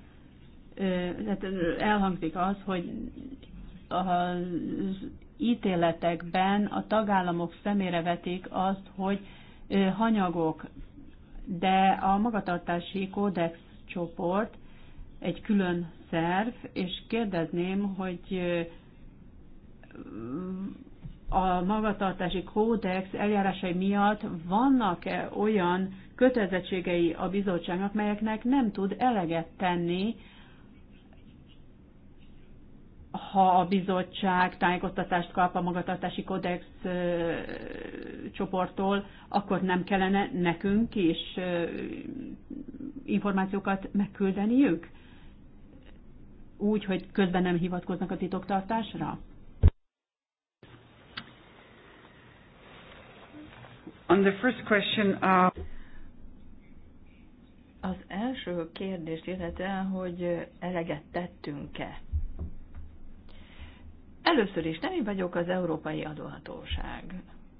elhangzik az, hogy az ítéletekben a tagállamok szemére vetik azt, hogy hanyagok, de a magatartási kódex csoport egy külön szerv, és kérdezném, hogy a magatartási kódex eljárásai miatt vannak-e olyan kötelezettségei a bizottságnak, melyeknek nem tud eleget tenni, ha a bizottság tájékoztatást kap a magatartási kódex csoporttól, akkor nem kellene nekünk is információkat megküldeniük? Úgy, hogy közben nem hivatkoznak a titoktartásra? On the first question, uh... Az első kérdés illetve, hogy eleget tettünk-e. Először is nem én vagyok az Európai Adóhatóság,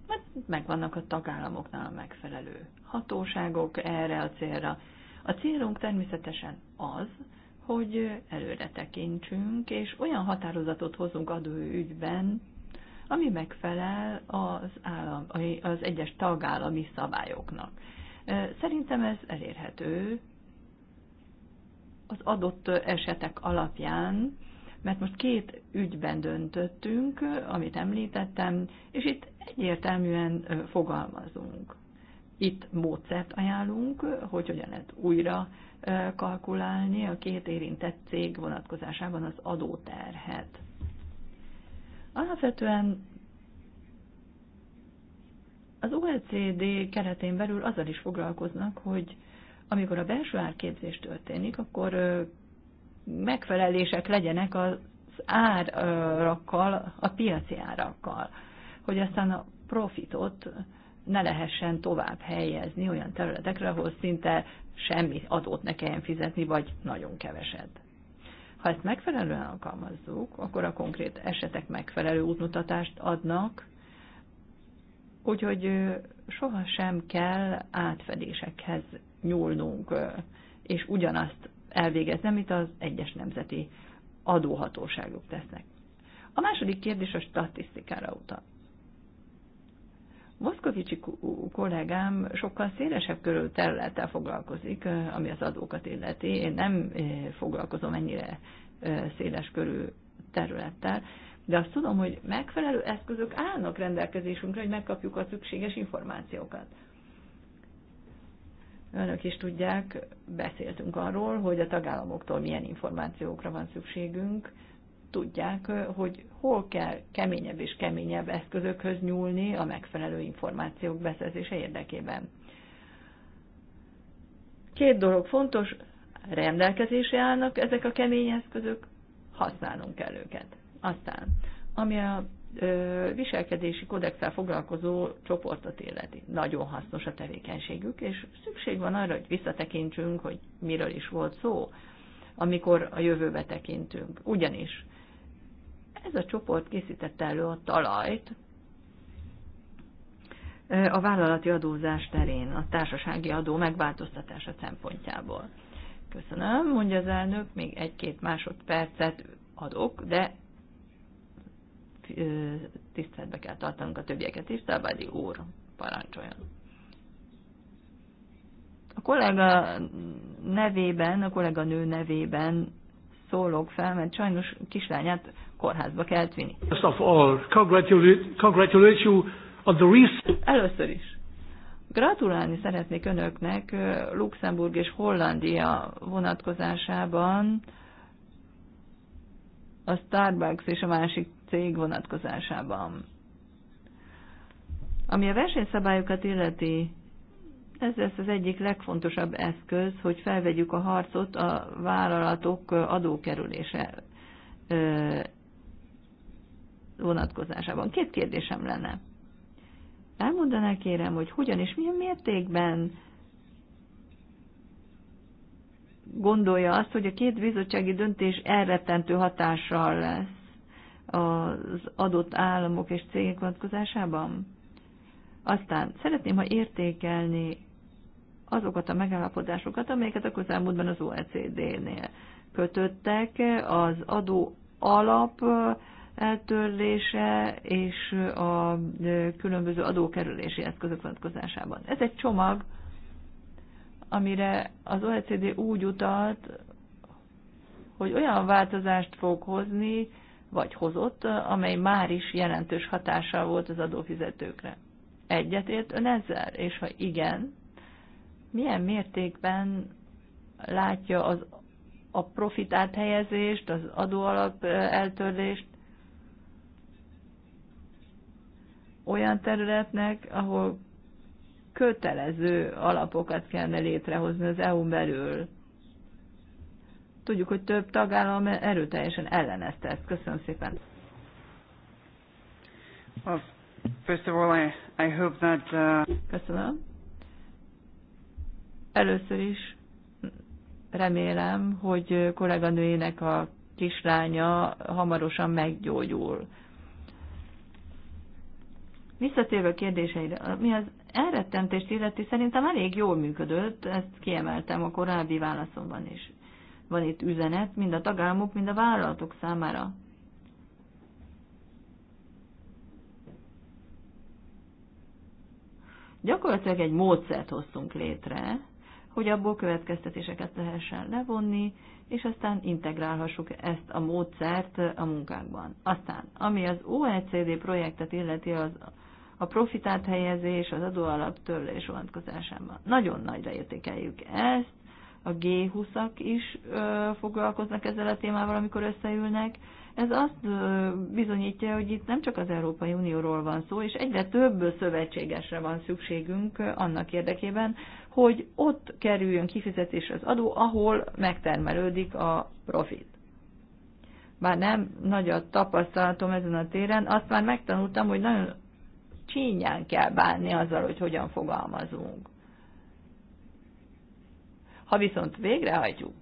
mert hát megvannak a tagállamoknál a megfelelő hatóságok erre a célra. A célunk természetesen az, hogy előre tekintsünk, és olyan határozatot hozunk adóügyben, ami megfelel az, állam, az egyes tagállami szabályoknak. Szerintem ez elérhető az adott esetek alapján, mert most két ügyben döntöttünk, amit említettem, és itt egyértelműen fogalmazunk. Itt módszert ajánlunk, hogy hogyan lehet újra kalkulálni a két érintett cég vonatkozásában az adóterhet. Alapvetően az OECD keretén belül azzal is foglalkoznak, hogy amikor a belső árképzés történik, akkor megfelelések legyenek az árakkal, a piaci árakkal, hogy aztán a profitot ne lehessen tovább helyezni olyan területekre, ahol szinte semmi adót ne kelljen fizetni, vagy nagyon keveset. Ha ezt megfelelően alkalmazzuk, akkor a konkrét esetek megfelelő útmutatást adnak, Úgyhogy sohasem kell átfedésekhez nyúlnunk, és ugyanazt elvégezni, amit az egyes nemzeti adóhatóságok tesznek. A második kérdés a statisztikára utal. Moszkovicsi kollégám sokkal szélesebb körül területtel foglalkozik, ami az adókat illeti. Én nem foglalkozom ennyire széles körű területtel, de azt tudom, hogy megfelelő eszközök állnak rendelkezésünkre, hogy megkapjuk a szükséges információkat. Önök is tudják, beszéltünk arról, hogy a tagállamoktól milyen információkra van szükségünk, tudják, hogy hol kell keményebb és keményebb eszközökhöz nyúlni a megfelelő információk beszerzése érdekében. Két dolog fontos, rendelkezésre állnak ezek a kemény eszközök, használnunk kell őket. Aztán, ami a ö, viselkedési kodexel foglalkozó csoportot illeti. Nagyon hasznos a tevékenységük, és szükség van arra, hogy visszatekintsünk, hogy miről is volt szó, amikor a jövőbe tekintünk. Ugyanis ez a csoport készítette elő a talajt a vállalati adózás terén, a társasági adó megváltoztatása szempontjából. Köszönöm, mondja az elnök, még egy-két másodpercet adok, de tiszteletbe kell tartanunk a többieket. Tisztelbádi úr, parancsoljon. A kollega nevében, a kollega nő nevében szólok fel, mert sajnos kislányát kórházba kellett vinni. First of all, congratulate, congratulate you on the recent... Először is. Gratulálni szeretnék önöknek Luxemburg és Hollandia vonatkozásában a Starbucks és a másik cég vonatkozásában. Ami a versenyszabályokat illeti, ez lesz az egyik legfontosabb eszköz, hogy felvegyük a harcot a vállalatok adókerülése vonatkozásában. Két kérdésem lenne. Elmondaná kérem, hogy hogyan és milyen mértékben gondolja azt, hogy a két bizottsági döntés elrettentő hatással lesz az adott államok és cégek vonatkozásában? Aztán szeretném, ha értékelni azokat a megállapodásokat, amelyeket a közelmúltban az OECD-nél kötöttek, az adó alap eltörlése és a különböző adókerülési eszközök vonatkozásában. Ez egy csomag, amire az OECD úgy utalt, hogy olyan változást fog hozni, vagy hozott, amely már is jelentős hatással volt az adófizetőkre. Egyetért ön ezzel? És ha igen, milyen mértékben látja az, a profit áthelyezést, az adóalap eltörlést olyan területnek, ahol kötelező alapokat kellene létrehozni az EU-n belül. Tudjuk, hogy több tagállam erőteljesen ellenezte ezt. Köszönöm szépen. Well, first of all, I, I hope that, uh... Köszönöm. Először is remélem, hogy kolléganőjének a kislánya hamarosan meggyógyul. Visszatérve a kérdéseire, mi az elrettentést illeti, szerintem elég jól működött, ezt kiemeltem a korábbi válaszomban is. Van itt üzenet mind a tagállamok, mind a vállalatok számára. Gyakorlatilag egy módszert hoztunk létre, hogy abból következtetéseket lehessen levonni, és aztán integrálhassuk ezt a módszert a munkákban. Aztán, ami az OECD projektet illeti, az a profitát helyezés az adóalap törlés vonatkozásában. Nagyon nagyra értékeljük ezt, a G20-ak is ö, foglalkoznak ezzel a témával, amikor összeülnek. Ez azt ö, bizonyítja, hogy itt nem csak az Európai Unióról van szó, és egyre több szövetségesre van szükségünk ö, annak érdekében, hogy ott kerüljön kifizetés az adó, ahol megtermelődik a profit. Bár nem nagy a tapasztalatom ezen a téren, azt már megtanultam, hogy nagyon csínyán kell bánni azzal, hogy hogyan fogalmazunk ha viszont végrehajtjuk,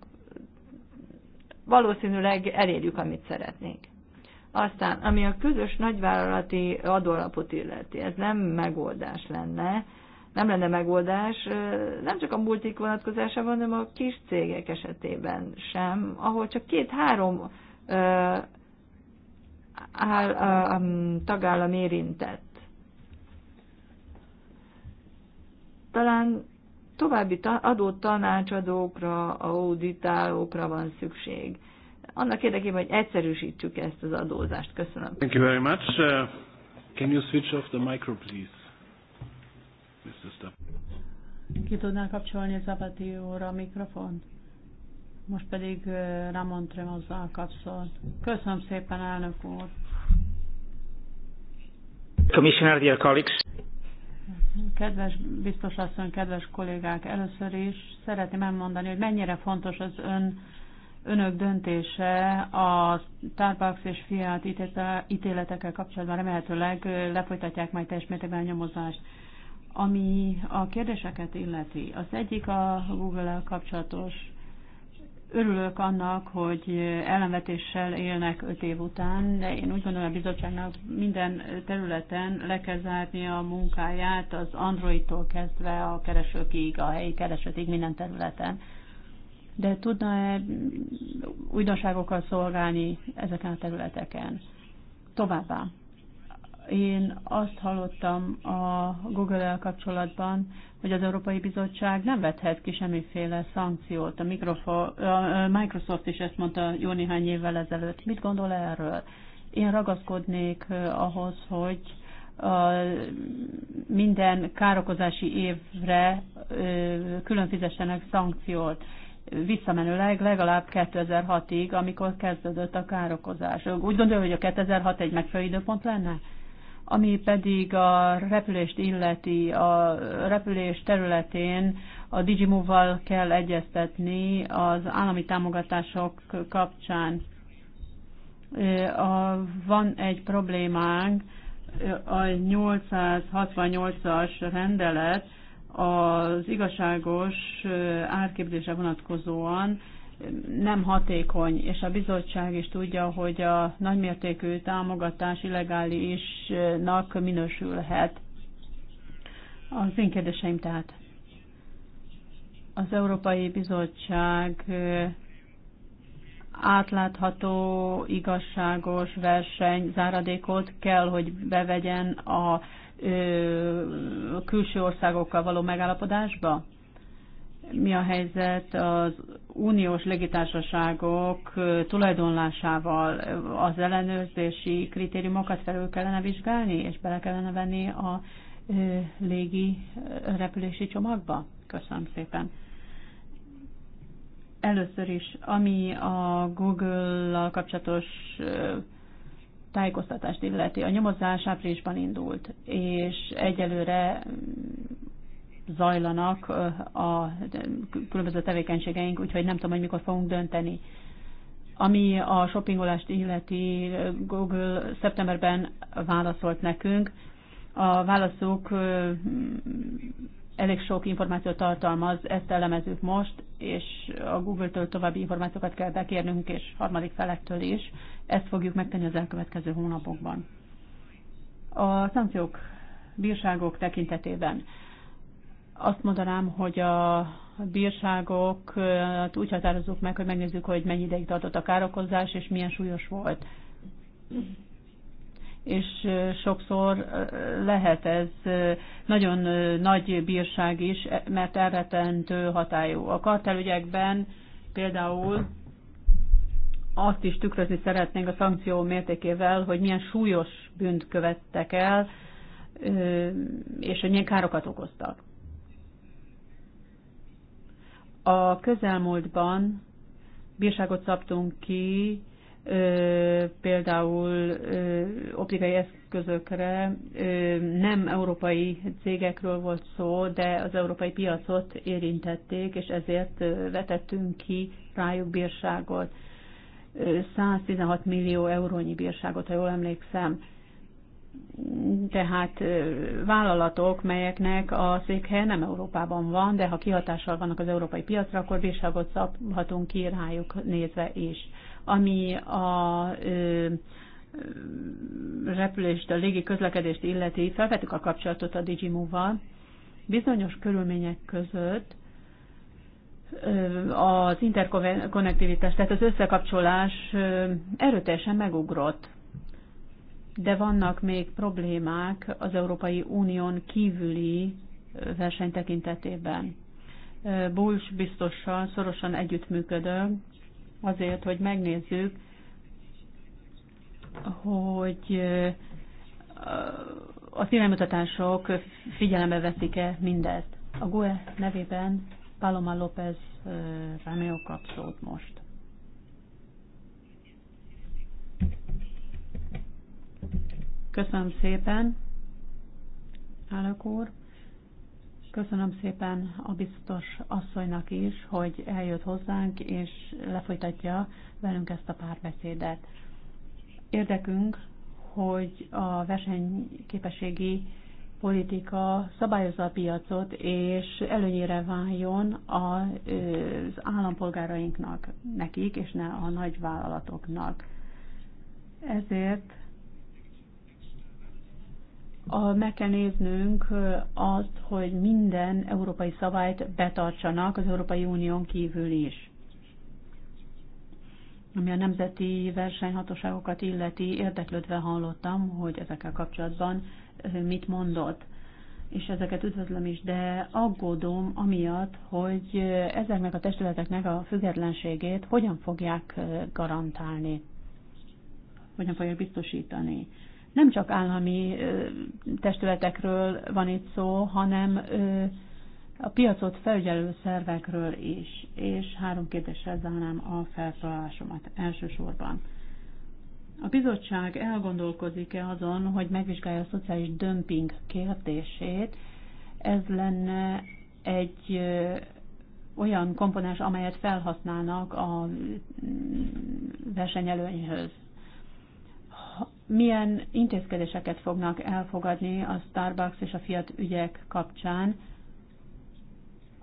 valószínűleg elérjük, amit szeretnénk. Aztán, ami a közös nagyvállalati adólapot illeti, ez nem megoldás lenne, nem lenne megoldás, nem csak a multik van, hanem a kis cégek esetében sem, ahol csak két-három tagállam érintett. Talán további adott tanácsadókra, auditálókra van szükség. Annak érdekében, hogy egyszerűsítsük ezt az adózást. Köszönöm. Thank you very much. Uh, can you switch off the micro, please? Mr. Stapp. Ki tudná kapcsolni Zabati úrra a mikrofont? Most pedig uh, Ramon Tremozzal kapszol. Köszönöm szépen, elnök úr. Commissioner, dear colleagues. Kedves biztos asszony, kedves kollégák, először is szeretném elmondani, hogy mennyire fontos az ön, önök döntése a Starbucks és Fiat ítéletekkel kapcsolatban. Remélhetőleg lefolytatják majd teljes mértékben a nyomozást. Ami a kérdéseket illeti, az egyik a Google-el kapcsolatos örülök annak, hogy ellenvetéssel élnek öt év után, de én úgy gondolom, a bizottságnak minden területen le kell zárni a munkáját, az Androidtól kezdve a keresőkig, a helyi keresőkig, minden területen. De tudna-e újdonságokkal szolgálni ezeken a területeken? Továbbá, én azt hallottam a Google-el kapcsolatban, hogy az Európai Bizottság nem vethet ki semmiféle szankciót. A, a Microsoft is ezt mondta jó néhány évvel ezelőtt. Mit gondol erről? Én ragaszkodnék ahhoz, hogy minden károkozási évre külön fizessenek szankciót visszamenőleg legalább 2006-ig, amikor kezdődött a károkozás. Úgy gondolja, hogy a 2006 egy megfelelő időpont lenne? Ami pedig a repülést illeti, a repülés területén a Digimove-val kell egyeztetni az állami támogatások kapcsán. van egy problémánk, a 868-as rendelet az igazságos árképzése vonatkozóan nem hatékony, és a bizottság is tudja, hogy a nagymértékű támogatás illegálisnak minősülhet. Az én kérdéseim tehát. Az Európai Bizottság átlátható, igazságos verseny záradékot kell, hogy bevegyen a külső országokkal való megállapodásba? mi a helyzet az uniós légitársaságok tulajdonlásával az ellenőrzési kritériumokat felül kellene vizsgálni, és bele kellene venni a légi repülési csomagba? Köszönöm szépen. Először is, ami a Google-lal kapcsolatos tájékoztatást illeti, a nyomozás áprilisban indult, és egyelőre zajlanak a különböző tevékenységeink, úgyhogy nem tudom, hogy mikor fogunk dönteni. Ami a shoppingolást illeti, Google szeptemberben válaszolt nekünk. A válaszok elég sok információt tartalmaz, ezt elemezünk most, és a Google-től további információkat kell bekérnünk, és harmadik felektől is. Ezt fogjuk megtenni az elkövetkező hónapokban. A szankciók, bírságok tekintetében azt mondanám, hogy a bírságok hát úgy határozzuk meg, hogy megnézzük, hogy mennyi ideig tartott a károkozás, és milyen súlyos volt. És sokszor lehet ez nagyon nagy bírság is, e, mert elretentő hatályú. A kartelügyekben például azt is tükrözni szeretnénk a szankció mértékével, hogy milyen súlyos bűnt követtek el, és hogy milyen károkat okoztak. A közelmúltban bírságot szabtunk ki például optikai eszközökre nem európai cégekről volt szó, de az európai piacot érintették, és ezért vetettünk ki rájuk bírságot. 116 millió eurónyi bírságot, ha jól emlékszem tehát vállalatok, melyeknek a székhelye nem Európában van, de ha kihatással vannak az európai piacra, akkor bírságot szabhatunk ki rájuk nézve is. Ami a ö, repülést, a légi közlekedést illeti, felvettük a kapcsolatot a Digimove-val. Bizonyos körülmények között az interkonnektivitás, tehát az összekapcsolás erőteljesen megugrott de vannak még problémák az Európai Unión kívüli verseny tekintetében. Bulls biztossal szorosan együttműködök azért, hogy megnézzük, hogy a iránymutatások figyelembe veszik-e mindezt. A GUE nevében Paloma López Rameo kapszót most. Köszönöm szépen, elnök úr. Köszönöm szépen a biztos asszonynak is, hogy eljött hozzánk, és lefolytatja velünk ezt a párbeszédet. Érdekünk, hogy a versenyképességi politika szabályozza a piacot, és előnyére váljon az állampolgárainknak, nekik, és ne a nagyvállalatoknak. Ezért a, meg kell néznünk azt, hogy minden európai szabályt betartsanak az Európai Unión kívül is. Ami a nemzeti versenyhatóságokat illeti, érdeklődve hallottam, hogy ezekkel kapcsolatban mit mondott, és ezeket üdvözlöm is, de aggódom amiatt, hogy ezeknek a testületeknek a függetlenségét hogyan fogják garantálni, hogyan fogják biztosítani nem csak állami testületekről van itt szó, hanem a piacot felügyelő szervekről is. És három kérdéssel zárnám a felszólalásomat elsősorban. A bizottság elgondolkozik-e azon, hogy megvizsgálja a szociális dömping kérdését? Ez lenne egy olyan komponens, amelyet felhasználnak a mm, versenyelőnyhöz milyen intézkedéseket fognak elfogadni a Starbucks és a Fiat ügyek kapcsán,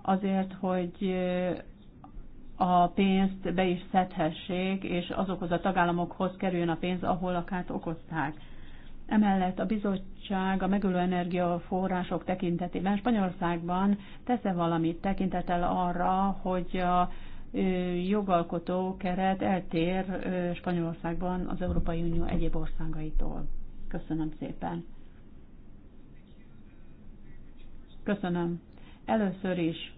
azért, hogy a pénzt be is szedhessék, és azokhoz a tagállamokhoz kerüljön a pénz, ahol akár okozták. Emellett a bizottság a megülő energiaforrások tekintetében Spanyolországban tesz-e valamit tekintettel arra, hogy a jogalkotó keret eltér Spanyolországban az Európai Unió egyéb országaitól. Köszönöm szépen. Köszönöm. Először is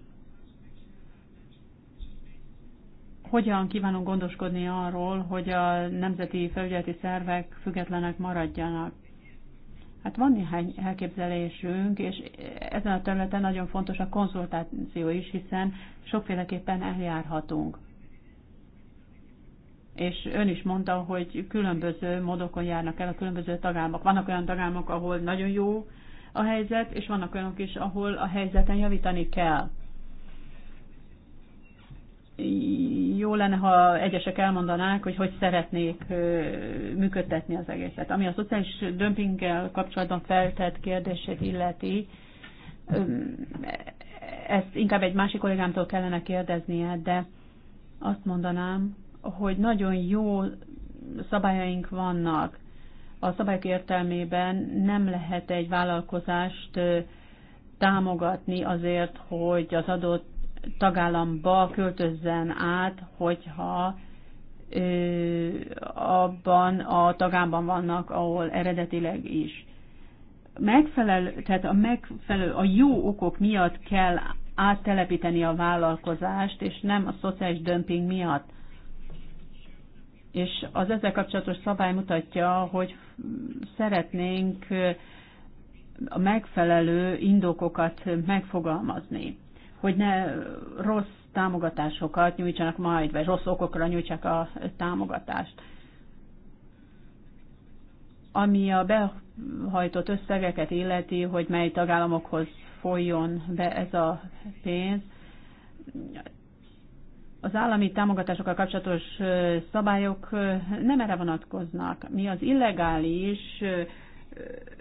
hogyan kívánunk gondoskodni arról, hogy a nemzeti felügyeleti szervek függetlenek maradjanak. Hát van néhány elképzelésünk, és ezen a területen nagyon fontos a konzultáció is, hiszen sokféleképpen eljárhatunk. És ön is mondta, hogy különböző módokon járnak el a különböző tagállamok. Vannak olyan tagállamok, ahol nagyon jó a helyzet, és vannak olyanok is, ahol a helyzeten javítani kell jó lenne, ha egyesek elmondanák, hogy hogy szeretnék működtetni az egészet. Ami a szociális dömpinggel kapcsolatban feltett kérdését illeti, ezt inkább egy másik kollégámtól kellene kérdeznie, de azt mondanám, hogy nagyon jó szabályaink vannak. A szabályok értelmében nem lehet egy vállalkozást támogatni azért, hogy az adott tagállamba költözzen át, hogyha abban a tagában vannak, ahol eredetileg is. Megfelel, tehát a megfelelő, a jó okok miatt kell áttelepíteni a vállalkozást, és nem a szociális dömping miatt. És az ezzel kapcsolatos szabály mutatja, hogy szeretnénk a megfelelő indokokat megfogalmazni hogy ne rossz támogatásokat nyújtsanak majd, vagy rossz okokra nyújtsák a támogatást. Ami a behajtott összegeket illeti, hogy mely tagállamokhoz folyjon be ez a pénz, az állami támogatásokkal kapcsolatos szabályok nem erre vonatkoznak. Mi az illegális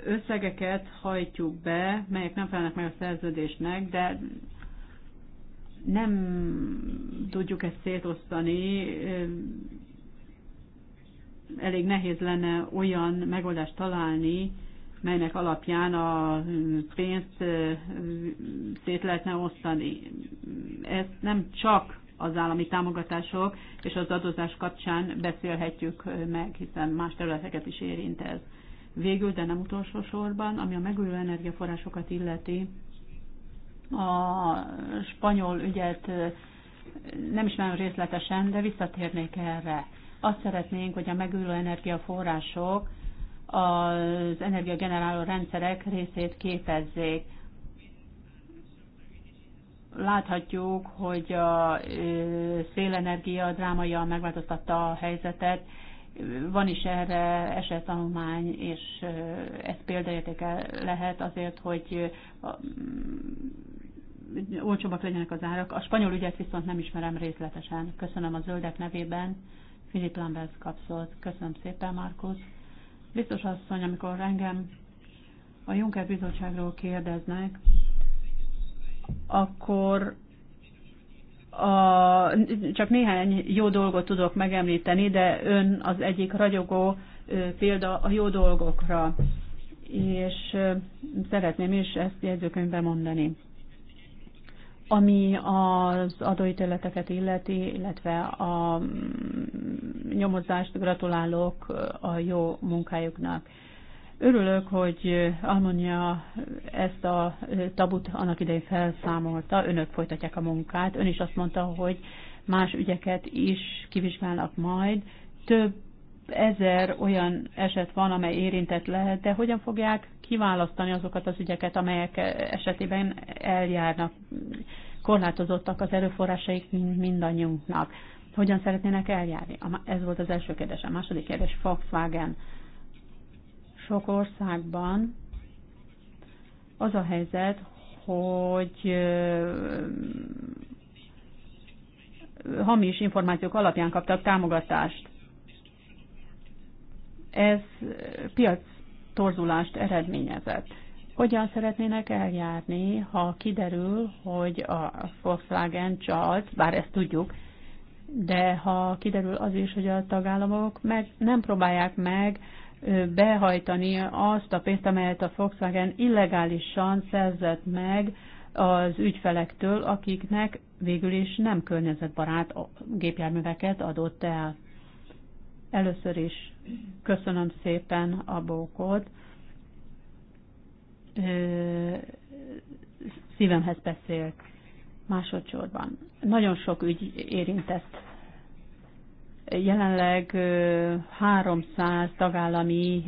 összegeket hajtjuk be, melyek nem felelnek meg a szerződésnek, de nem tudjuk ezt szétosztani, elég nehéz lenne olyan megoldást találni, melynek alapján a pénzt szét lehetne osztani. Ez nem csak az állami támogatások és az adózás kapcsán beszélhetjük meg, hiszen más területeket is érint ez. Végül, de nem utolsó sorban, ami a megújuló energiaforrásokat illeti, a spanyol ügyet nem ismerem részletesen, de visszatérnék erre. Azt szeretnénk, hogy a megülő energiaforrások az energiageneráló rendszerek részét képezzék. Láthatjuk, hogy a szélenergia drámaja megváltoztatta a helyzetet. Van is erre esettanulmány, és ez példaértéke lehet azért, hogy olcsóbbak legyenek az árak. A spanyol ügyet viszont nem ismerem részletesen. Köszönöm a zöldek nevében. Filip Lambert kapszolt. Köszönöm szépen, Markus. Biztos asszony, amikor engem a Juncker bizottságról kérdeznek, akkor a, csak néhány jó dolgot tudok megemlíteni, de ön az egyik ragyogó példa a jó dolgokra, és szeretném is ezt jegyzőkönyvbe mondani. Ami az adóítéleteket illeti, illetve a mm, nyomozást gratulálok a jó munkájuknak. Örülök, hogy Almonia ezt a tabut annak idején felszámolta, önök folytatják a munkát. Ön is azt mondta, hogy más ügyeket is kivizsgálnak majd. Több ezer olyan eset van, amely érintett lehet, de hogyan fogják kiválasztani azokat az ügyeket, amelyek esetében eljárnak, korlátozottak az erőforrásaik mindannyiunknak. Hogyan szeretnének eljárni? Ez volt az első kérdés. A második kérdés Volkswagen. Sok országban az a helyzet, hogy hamis információk alapján kaptak támogatást ez piac torzulást eredményezett. Hogyan szeretnének eljárni, ha kiderül, hogy a Volkswagen csalt, bár ezt tudjuk, de ha kiderül az is, hogy a tagállamok meg nem próbálják meg behajtani azt a pénzt, amelyet a Volkswagen illegálisan szerzett meg az ügyfelektől, akiknek végül is nem környezetbarát gépjárműveket adott el. Először is köszönöm szépen a bókot. Szívemhez beszélt másodszorban. Nagyon sok ügy érintett. Jelenleg 300 tagállami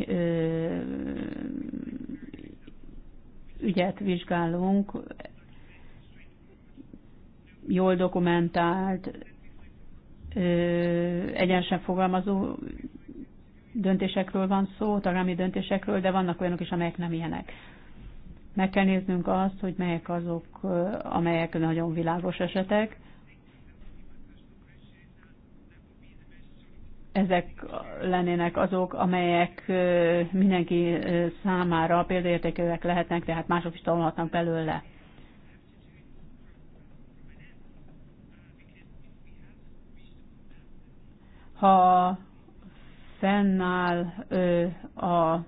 ügyet vizsgálunk, jól dokumentált, egyenesen fogalmazó döntésekről van szó, tagállami döntésekről, de vannak olyanok is, amelyek nem ilyenek. Meg kell néznünk azt, hogy melyek azok, amelyek nagyon világos esetek. Ezek lennének azok, amelyek mindenki számára példaértékűek lehetnek, tehát mások is tanulhatnak belőle. ha fennáll a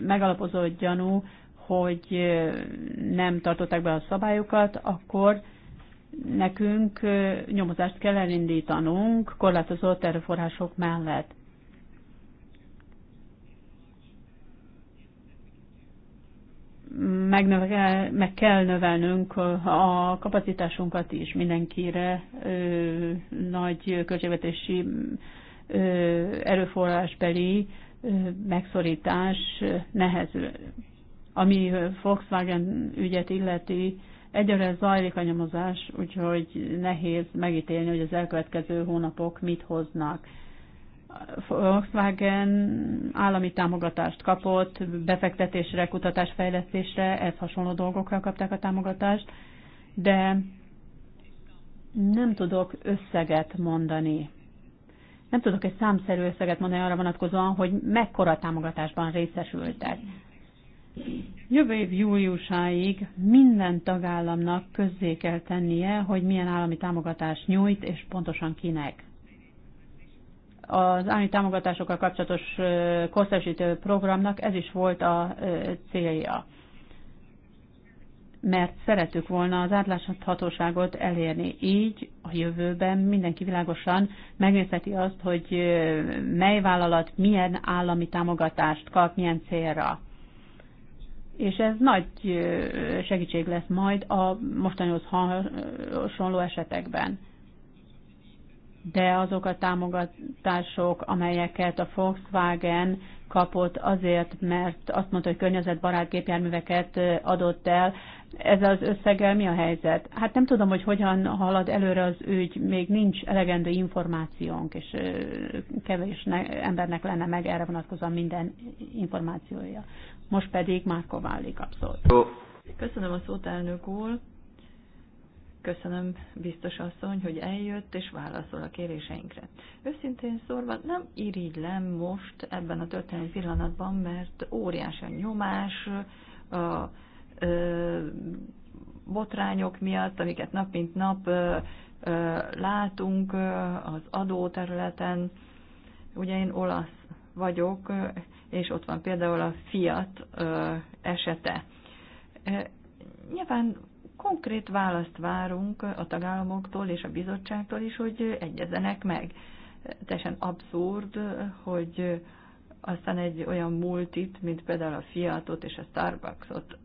megalapozott gyanú, hogy nem tartották be a szabályokat, akkor nekünk nyomozást kell elindítanunk korlátozott erőforrások mellett. megnöve, meg kell növelnünk a kapacitásunkat is mindenkire ö, nagy költségvetési ö, erőforrásbeli ö, megszorítás nehező. Ami Volkswagen ügyet illeti, egyre zajlik a nyomozás, úgyhogy nehéz megítélni, hogy az elkövetkező hónapok mit hoznak Volkswagen állami támogatást kapott, befektetésre, kutatásfejlesztésre, ez hasonló dolgokra kapták a támogatást, de nem tudok összeget mondani. Nem tudok egy számszerű összeget mondani arra vonatkozóan, hogy mekkora támogatásban részesültek. Jövő év júliusáig minden tagállamnak közzé kell tennie, hogy milyen állami támogatást nyújt, és pontosan kinek az állami támogatásokkal kapcsolatos korszerűsítő programnak ez is volt a célja. Mert szerettük volna az átláthatóságot elérni. Így a jövőben mindenki világosan megnézheti azt, hogy mely vállalat milyen állami támogatást kap, milyen célra. És ez nagy segítség lesz majd a mostanihoz hasonló esetekben de azok a támogatások, amelyeket a Volkswagen kapott azért, mert azt mondta, hogy környezetbarát gépjárműveket adott el. Ez az összeggel mi a helyzet? Hát nem tudom, hogy hogyan halad előre az ügy, még nincs elegendő információnk, és kevés embernek lenne meg erre vonatkozóan minden információja. Most pedig Márko Válli kapszolt. Köszönöm a szót, elnök úr. Köszönöm, biztos asszony, hogy eljött és válaszol a kéréseinkre. Őszintén szólva nem irigylem most ebben a történelmi pillanatban, mert óriási a nyomás, a ö, botrányok miatt, amiket nap mint nap ö, ö, látunk ö, az adóterületen. Ugye én olasz vagyok, és ott van például a Fiat ö, esete. Nyilván Konkrét választ várunk a tagállamoktól és a bizottságtól is, hogy egyezenek meg. Teljesen abszurd, hogy aztán egy olyan multit, mint például a Fiatot és a Starbucksot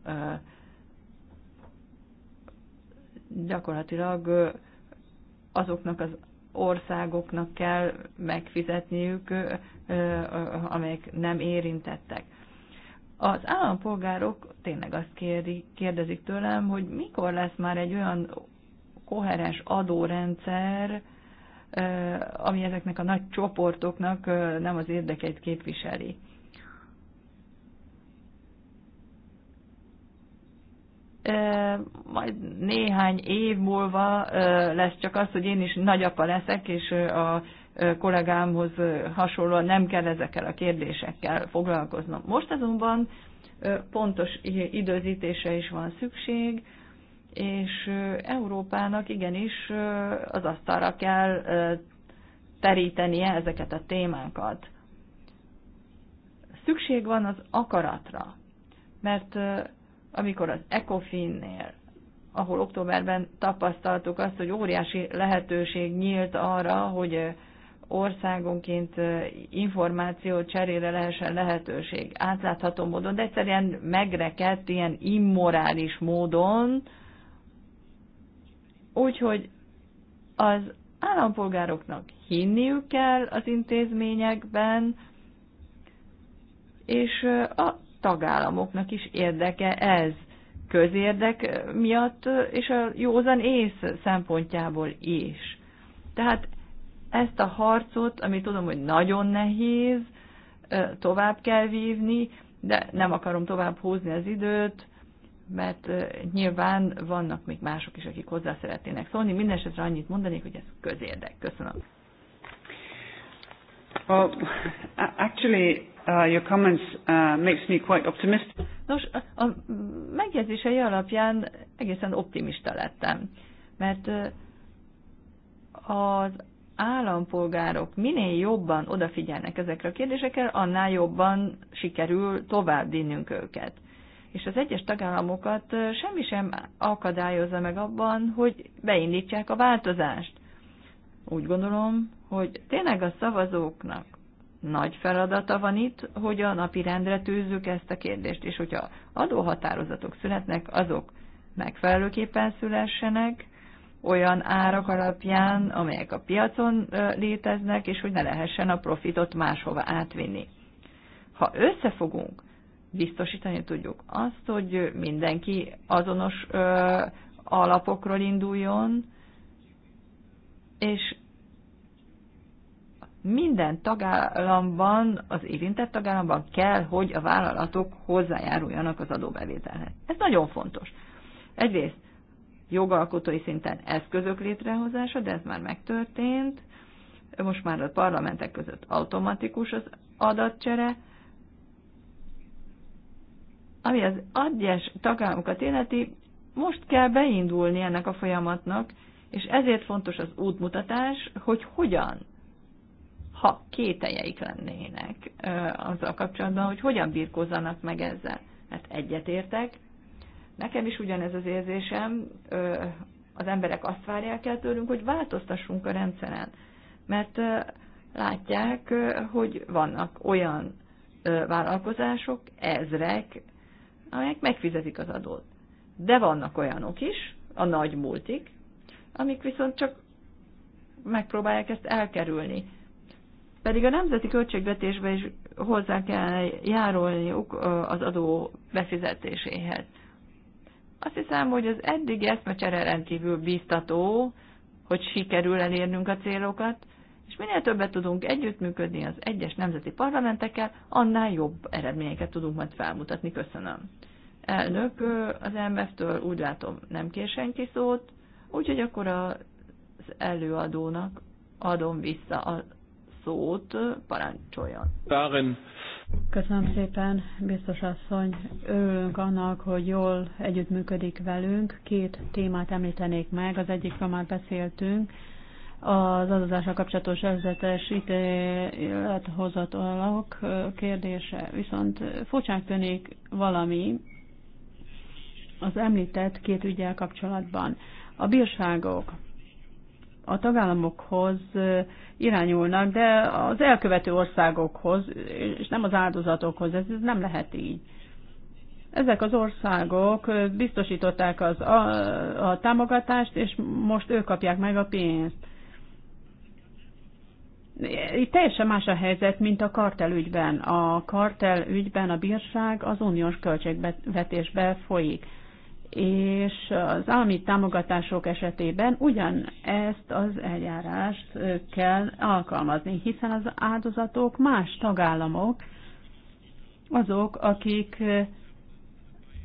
gyakorlatilag azoknak az országoknak kell megfizetniük, amelyek nem érintettek. Az állampolgárok tényleg azt kérdi, kérdezik tőlem, hogy mikor lesz már egy olyan koherens adórendszer, ami ezeknek a nagy csoportoknak nem az érdekeit képviseli. majd néhány év múlva lesz csak az, hogy én is nagyapa leszek, és a kollégámhoz hasonlóan nem kell ezekkel a kérdésekkel foglalkoznom. Most azonban pontos időzítése is van szükség, és Európának igenis az asztalra kell terítenie ezeket a témákat. Szükség van az akaratra, mert amikor az ECOFIN-nél, ahol októberben tapasztaltuk azt, hogy óriási lehetőség nyílt arra, hogy országonként információ cserére lehessen lehetőség átlátható módon, de egyszerűen megrekedt ilyen immorális módon, úgyhogy az állampolgároknak hinniük kell az intézményekben, és a tagállamoknak is érdeke ez közérdek miatt, és a józan ész szempontjából is. Tehát ezt a harcot, amit tudom, hogy nagyon nehéz, tovább kell vívni, de nem akarom tovább húzni az időt, mert nyilván vannak még mások is, akik hozzá szeretnének szólni. Mindenesetre annyit mondanék, hogy ez közérdek. Köszönöm. Well, actually, uh, your comments uh, makes me quite optimistic. Nos, a megjegyzései alapján egészen optimista lettem, mert az állampolgárok minél jobban odafigyelnek ezekre a kérdésekre, annál jobban sikerül tovább vinnünk őket. És az egyes tagállamokat semmi sem akadályozza meg abban, hogy beindítsák a változást. Úgy gondolom, hogy tényleg a szavazóknak nagy feladata van itt, hogy a napi rendre tűzzük ezt a kérdést, és hogyha adóhatározatok születnek, azok megfelelőképpen szülessenek, olyan árak alapján, amelyek a piacon léteznek, és hogy ne lehessen a profitot máshova átvinni. Ha összefogunk, biztosítani tudjuk azt, hogy mindenki azonos alapokról induljon, és minden tagállamban, az érintett tagállamban kell, hogy a vállalatok hozzájáruljanak az adóbevételhez. Ez nagyon fontos. Egyrészt jogalkotói szinten eszközök létrehozása, de ez már megtörtént. Most már a parlamentek között automatikus az adatcsere, ami az egyes tagállamokat illeti, most kell beindulni ennek a folyamatnak, és ezért fontos az útmutatás, hogy hogyan, ha kételjeik lennének azzal kapcsolatban, hogy hogyan birkózzanak meg ezzel. Mert egyetértek, Nekem is ugyanez az érzésem, az emberek azt várják el tőlünk, hogy változtassunk a rendszeren. Mert látják, hogy vannak olyan vállalkozások, ezrek, amelyek megfizetik az adót. De vannak olyanok is, a nagy multik, amik viszont csak megpróbálják ezt elkerülni. Pedig a nemzeti költségvetésbe is hozzá kell járulniuk az adó befizetéséhez. Azt hiszem, hogy az eddigi eszmecsere rendkívül bíztató, hogy sikerül elérnünk a célokat, és minél többet tudunk együttműködni az egyes nemzeti parlamentekkel, annál jobb eredményeket tudunk majd felmutatni. Köszönöm. Elnök, az MF-től úgy látom nem kér senki szót, úgyhogy akkor az előadónak adom vissza a szót, parancsoljon. Báren. Köszönöm szépen, biztos asszony. Örülünk annak, hogy jól együttműködik velünk. Két témát említenék meg, az egyikről már beszéltünk, az adózással kapcsolatos előzetes ítélethozatalak kérdése. Viszont furcsán tűnik valami az említett két ügyel kapcsolatban. A bírságok, a tagállamokhoz irányulnak, de az elkövető országokhoz, és nem az áldozatokhoz, ez nem lehet így. Ezek az országok biztosították az, a, a támogatást, és most ők kapják meg a pénzt. Itt teljesen más a helyzet, mint a kartel ügyben. A kartel ügyben a bírság az uniós költségvetésbe folyik és az állami támogatások esetében ugyan ezt az eljárást kell alkalmazni, hiszen az áldozatok más tagállamok, azok, akik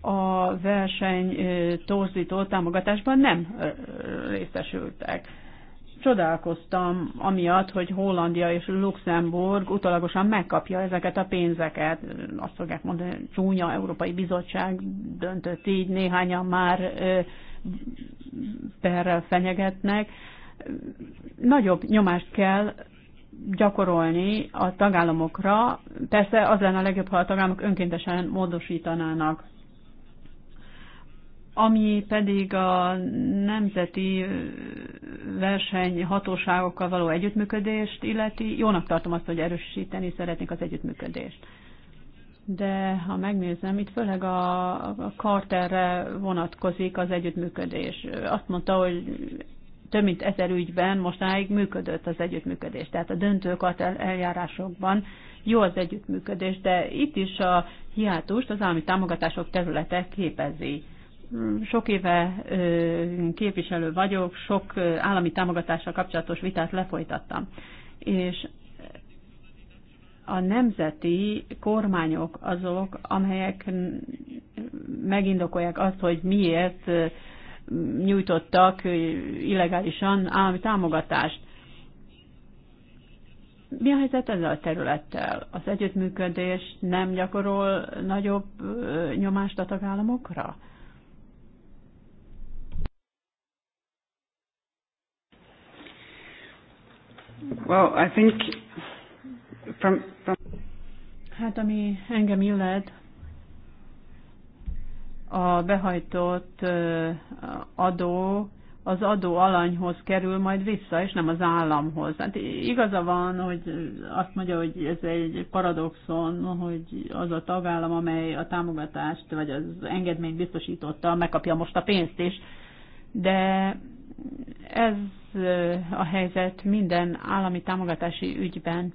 a verseny torzító támogatásban nem részesültek csodálkoztam amiatt, hogy Hollandia és Luxemburg utalagosan megkapja ezeket a pénzeket. Azt fogják mondani, csúnya Európai Bizottság döntött így, néhányan már perrel fenyegetnek. Nagyobb nyomást kell gyakorolni a tagállamokra. Persze az lenne a legjobb, ha a tagállamok önkéntesen módosítanának ami pedig a nemzeti verseny hatóságokkal való együttműködést illeti, jónak tartom azt, hogy erősíteni szeretnék az együttműködést. De ha megnézem, itt főleg a karterre vonatkozik az együttműködés. Azt mondta, hogy több mint ezer ügyben mostanáig működött az együttműködés. Tehát a döntő kartel eljárásokban jó az együttműködés, de itt is a hiátust az állami támogatások területe képezi sok éve képviselő vagyok, sok állami támogatással kapcsolatos vitát lefolytattam. És a nemzeti kormányok azok, amelyek megindokolják azt, hogy miért nyújtottak illegálisan állami támogatást. Mi a helyzet ezzel a területtel? Az együttműködés nem gyakorol nagyobb nyomást a tagállamokra? Well, I think from, from... Hát ami engem illet, a behajtott adó az adó alanyhoz kerül majd vissza, és nem az államhoz. Hát igaza van, hogy azt mondja, hogy ez egy paradoxon, hogy az a tagállam, amely a támogatást vagy az engedményt biztosította, megkapja most a pénzt is, de ez a helyzet minden állami támogatási ügyben.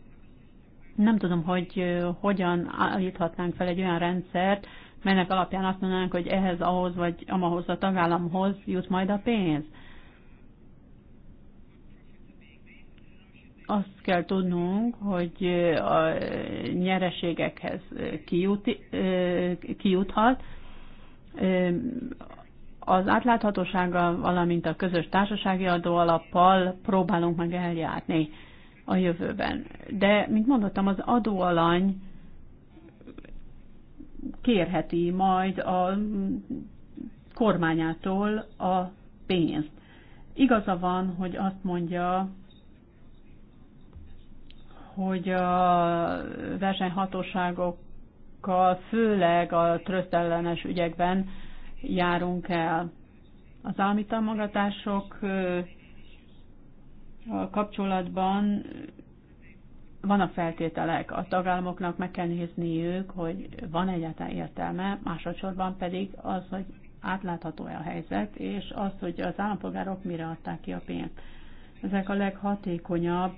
Nem tudom, hogy hogyan állíthatnánk fel egy olyan rendszert, melynek alapján azt mondanánk, hogy ehhez, ahhoz vagy amahoz a tagállamhoz jut majd a pénz. Azt kell tudnunk, hogy a nyereségekhez kijuthat. kijuthat, az átláthatósággal, valamint a közös társasági adóalappal próbálunk meg eljárni a jövőben. De, mint mondottam, az adóalany kérheti majd a kormányától a pénzt. Igaza van, hogy azt mondja, hogy a versenyhatóságokkal, főleg a trösztellenes ügyekben járunk el. Az állami támogatások kapcsolatban a feltételek, a tagállamoknak meg kell ők, hogy van egyáltalán értelme, másodszorban pedig az, hogy átlátható-e a helyzet, és az, hogy az állampolgárok mire adták ki a pénzt. Ezek a leghatékonyabb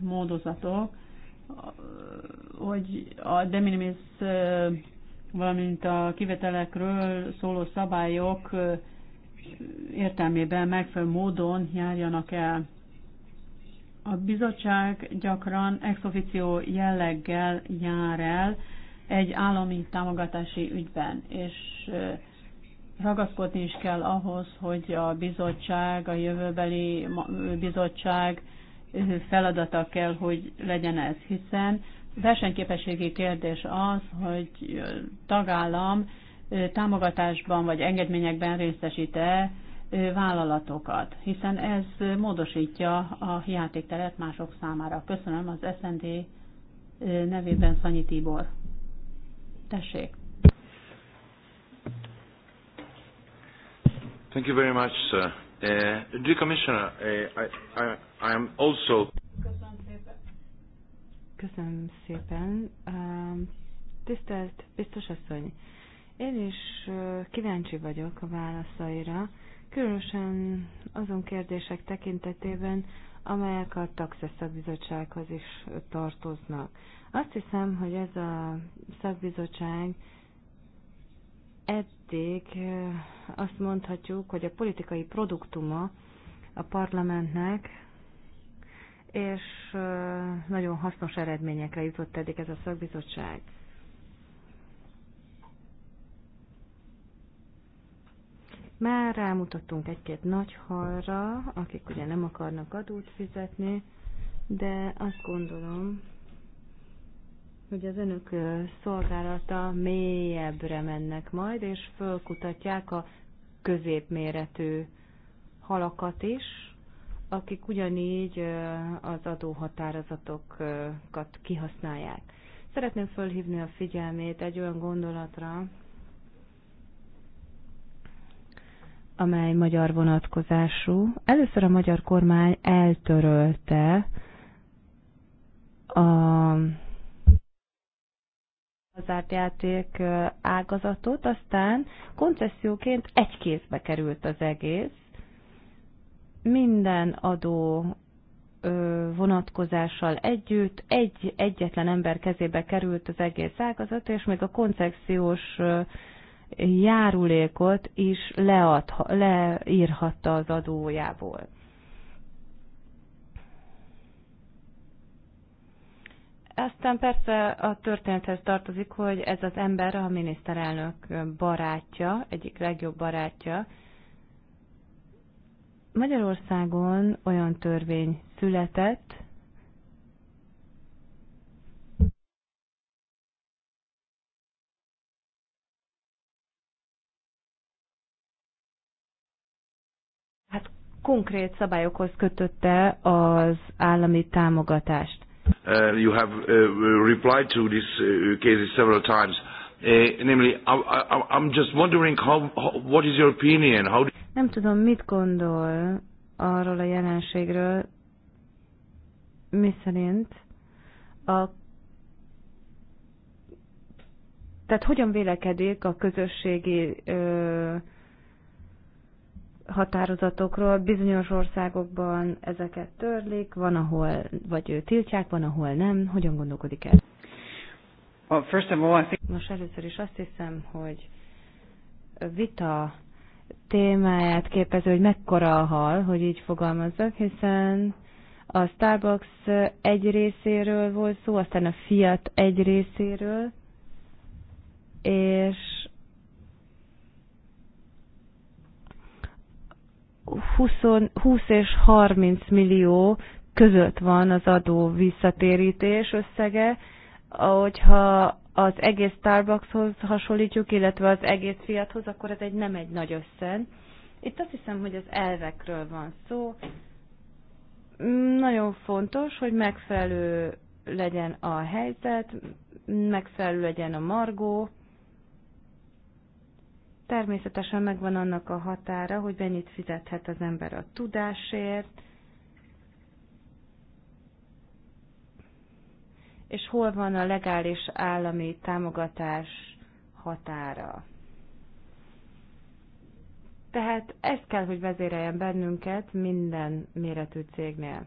módozatok, hogy a de minimis valamint a kivetelekről szóló szabályok értelmében megfelelő módon járjanak el. A bizottság gyakran ex officio jelleggel jár el egy állami támogatási ügyben, és ragaszkodni is kell ahhoz, hogy a bizottság, a jövőbeli bizottság feladata kell, hogy legyen ez, hiszen versenyképességi kérdés az, hogy tagállam támogatásban vagy engedményekben részesíte vállalatokat, hiszen ez módosítja a játékteret mások számára. Köszönöm az SND nevében Szanyi Tibor. Tessék. Thank you very much, sir. Uh, dear Commissioner, uh, I, I, I am also... Köszönöm. Köszönöm szépen. Tisztelt biztos asszony, én is kíváncsi vagyok a válaszaira, különösen azon kérdések tekintetében, amelyek a Taxis szakbizottsághoz is tartoznak. Azt hiszem, hogy ez a szakbizottság eddig azt mondhatjuk, hogy a politikai produktuma a parlamentnek és nagyon hasznos eredményekre jutott eddig ez a szakbizottság. Már rámutattunk egy-két nagy halra, akik ugye nem akarnak adót fizetni, de azt gondolom, hogy az önök szolgálata mélyebbre mennek majd, és fölkutatják a középméretű halakat is, akik ugyanígy az adóhatározatokat kihasználják. Szeretném fölhívni a figyelmét egy olyan gondolatra, amely magyar vonatkozású. Először a magyar kormány eltörölte a hazárt játék ágazatot, aztán koncesszióként egy kézbe került az egész, minden adó vonatkozással együtt egy egyetlen ember kezébe került az egész ágazat, és még a koncepciós járulékot is leadha, leírhatta az adójából. Aztán persze a történethez tartozik, hogy ez az ember a miniszterelnök barátja, egyik legjobb barátja, Magyarországon olyan törvény született, hát konkrét szabályokhoz kötötte az állami támogatást. Uh, you have uh, replied to this uh, case several times. Uh, namely, I, I, I'm just wondering how, how, what is your opinion? How do nem tudom, mit gondol arról a jelenségről, miszerint a tehát hogyan vélekedik a közösségi ö, határozatokról. Bizonyos országokban ezeket törlik, van ahol, vagy tiltják, van ahol nem. Hogyan gondolkodik el? Well, first of all, I think... Most először is azt hiszem, hogy vita témáját képező, hogy mekkora a hal, hogy így fogalmazzak, hiszen a Starbucks egy részéről volt szó, aztán a Fiat egy részéről, és 20, 20 és 30 millió között van az adó visszatérítés összege, ahogyha az egész Starbuckshoz hasonlítjuk, illetve az egész fiathoz, akkor ez egy nem egy nagy összeg. Itt azt hiszem, hogy az elvekről van szó. Nagyon fontos, hogy megfelelő legyen a helyzet, megfelelő legyen a margó. Természetesen megvan annak a határa, hogy mennyit fizethet az ember a tudásért, és hol van a legális állami támogatás határa. Tehát ezt kell, hogy vezéreljen bennünket minden méretű cégnél.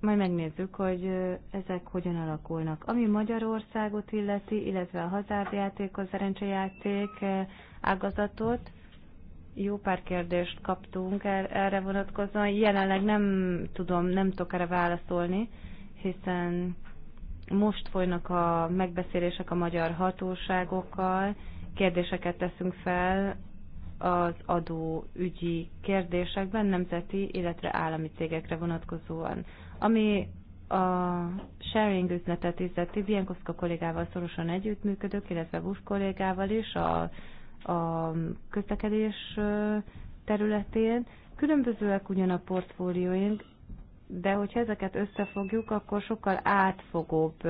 Majd megnézzük, hogy ezek hogyan alakulnak. Ami Magyarországot illeti, illetve a hazárdjáték, a szerencsejáték ágazatot, jó pár kérdést kaptunk er-, erre vonatkozóan. Jelenleg nem tudom, nem tudok erre válaszolni, hiszen most folynak a megbeszélések a magyar hatóságokkal, kérdéseket teszünk fel az adóügyi kérdésekben nemzeti, illetve állami cégekre vonatkozóan. Ami a sharing üzletet illeti, Bienkowska kollégával szorosan együttműködök, illetve busz kollégával is, a a közlekedés területén. Különbözőek ugyan a portfólióink, de hogyha ezeket összefogjuk, akkor sokkal átfogóbb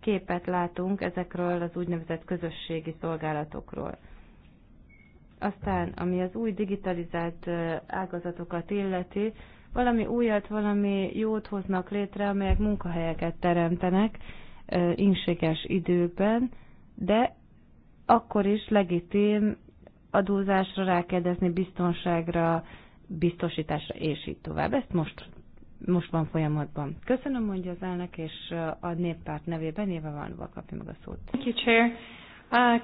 képet látunk ezekről az úgynevezett közösségi szolgálatokról. Aztán, ami az új digitalizált ágazatokat illeti, valami újat, valami jót hoznak létre, amelyek munkahelyeket teremtenek, inséges időben, de akkor is legitim adózásra rákérdezni, biztonságra, biztosításra, és így tovább. Ezt most, most van folyamatban. Köszönöm, mondja az elnök, és a néppárt nevében éve Vanova kapja meg a szót. Thank you, Chair. Uh...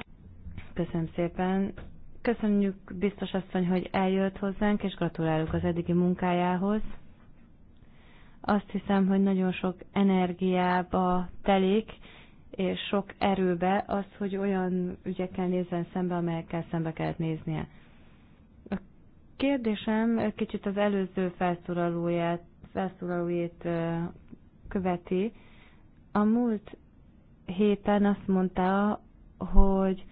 Köszönöm szépen. Köszönjük biztos asszony, hogy eljött hozzánk, és gratulálok az eddigi munkájához. Azt hiszem, hogy nagyon sok energiába telik, és sok erőbe az, hogy olyan ügyekkel nézzen szembe, amelyekkel szembe kellett néznie. A kérdésem kicsit az előző felszólalóját, felszólalóját követi. A múlt héten azt mondta, hogy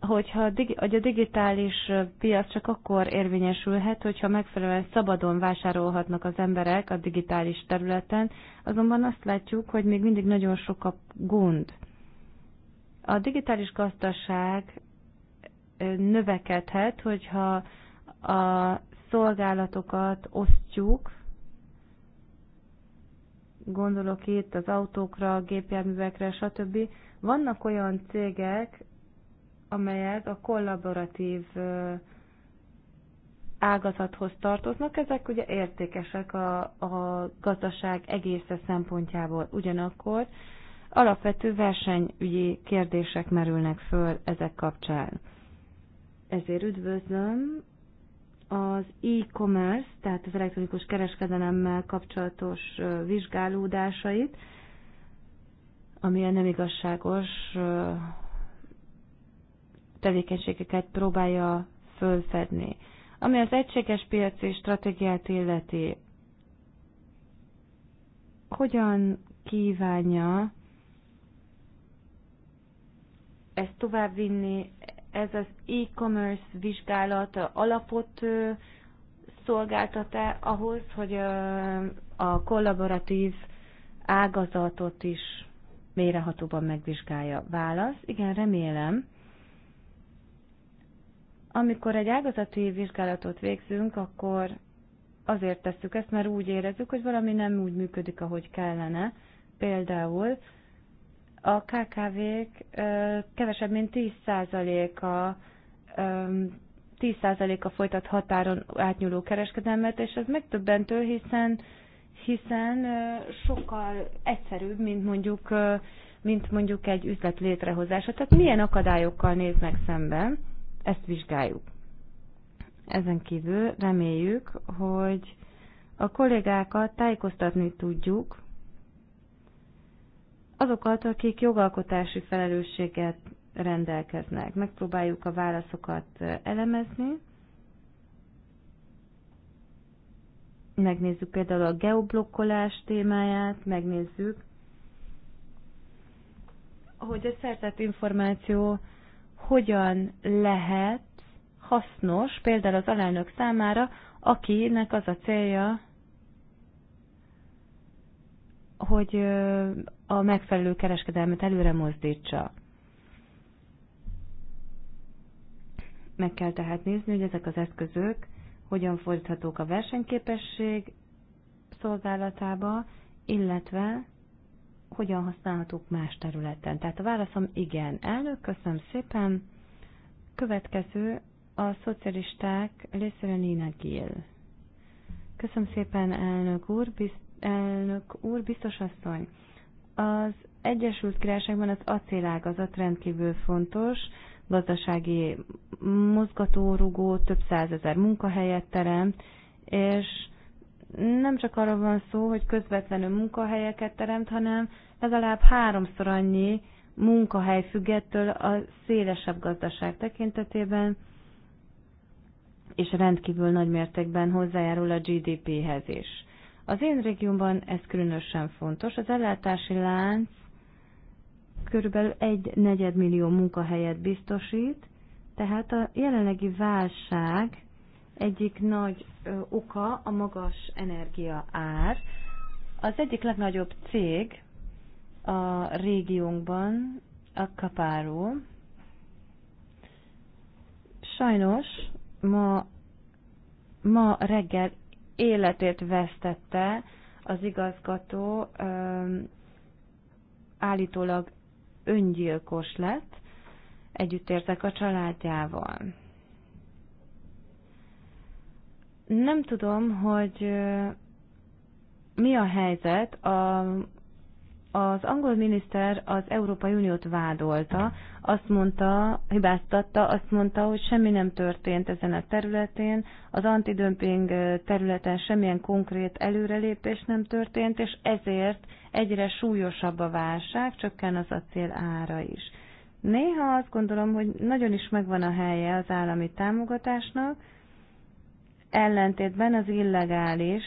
hogyha a digitális piac csak akkor érvényesülhet, hogyha megfelelően szabadon vásárolhatnak az emberek a digitális területen, azonban azt látjuk, hogy még mindig nagyon sok a gond. A digitális gazdaság növekedhet, hogyha a szolgálatokat osztjuk, gondolok itt az autókra, a gépjárművekre, stb. Vannak olyan cégek, amelyek a kollaboratív ágazathoz tartoznak, ezek ugye értékesek a, a gazdaság egésze szempontjából. Ugyanakkor alapvető versenyügyi kérdések merülnek föl ezek kapcsán. Ezért üdvözlöm az e-commerce, tehát az elektronikus kereskedelemmel kapcsolatos vizsgálódásait, ami a nem igazságos tevékenységeket próbálja fölfedni. Ami az egységes piaci stratégiát illeti, hogyan kívánja ezt továbbvinni, ez az e-commerce vizsgálat alapot szolgáltat-e ahhoz, hogy a kollaboratív ágazatot is mérehatóban megvizsgálja? Válasz, igen, remélem. Amikor egy ágazati vizsgálatot végzünk, akkor azért tesszük ezt, mert úgy érezzük, hogy valami nem úgy működik, ahogy kellene. Például a KKV-k kevesebb, mint 10%-a 10%-a folytat határon átnyúló kereskedelmet, és ez megtöbbentő, hiszen hiszen sokkal egyszerűbb, mint mondjuk, mint mondjuk egy üzlet létrehozása. Tehát milyen akadályokkal néznek szemben? ezt vizsgáljuk. Ezen kívül reméljük, hogy a kollégákat tájékoztatni tudjuk, azokat, akik jogalkotási felelősséget rendelkeznek. Megpróbáljuk a válaszokat elemezni. Megnézzük például a geoblokkolás témáját, megnézzük, hogy a szerzett információ hogyan lehet hasznos például az alelnök számára, akinek az a célja, hogy a megfelelő kereskedelmet előre mozdítsa. Meg kell tehát nézni, hogy ezek az eszközök hogyan fordíthatók a versenyképesség szolgálatába, illetve hogyan használhatók más területen. Tehát a válaszom igen. Elnök, köszönöm szépen. Következő a szocialisták részéről Nina Gill. Köszönöm szépen, elnök úr, biz, elnök úr, biztos asszony. Az Egyesült Királyságban az acélágazat rendkívül fontos, gazdasági mozgatórugó, több százezer munkahelyet terem, és nem csak arról van szó, hogy közvetlenül munkahelyeket teremt, hanem legalább háromszor annyi munkahely függettől a szélesebb gazdaság tekintetében, és rendkívül nagy mértékben hozzájárul a GDP-hez is. Az én régiómban ez különösen fontos. Az ellátási lánc körülbelül egy negyed millió munkahelyet biztosít, tehát a jelenlegi válság egyik nagy ö, oka a magas energia ár. Az egyik legnagyobb cég a régiónkban, a Kapáró. Sajnos ma, ma reggel életét vesztette az igazgató, ö, állítólag öngyilkos lett, együtt érzek a családjával. Nem tudom, hogy mi a helyzet. A, az angol miniszter az Európai Uniót vádolta, azt mondta, hibáztatta, azt mondta, hogy semmi nem történt ezen a területén, az antidömping területen semmilyen konkrét előrelépés nem történt, és ezért egyre súlyosabb a válság, csökken az acél ára is. Néha azt gondolom, hogy nagyon is megvan a helye az állami támogatásnak, ellentétben az illegális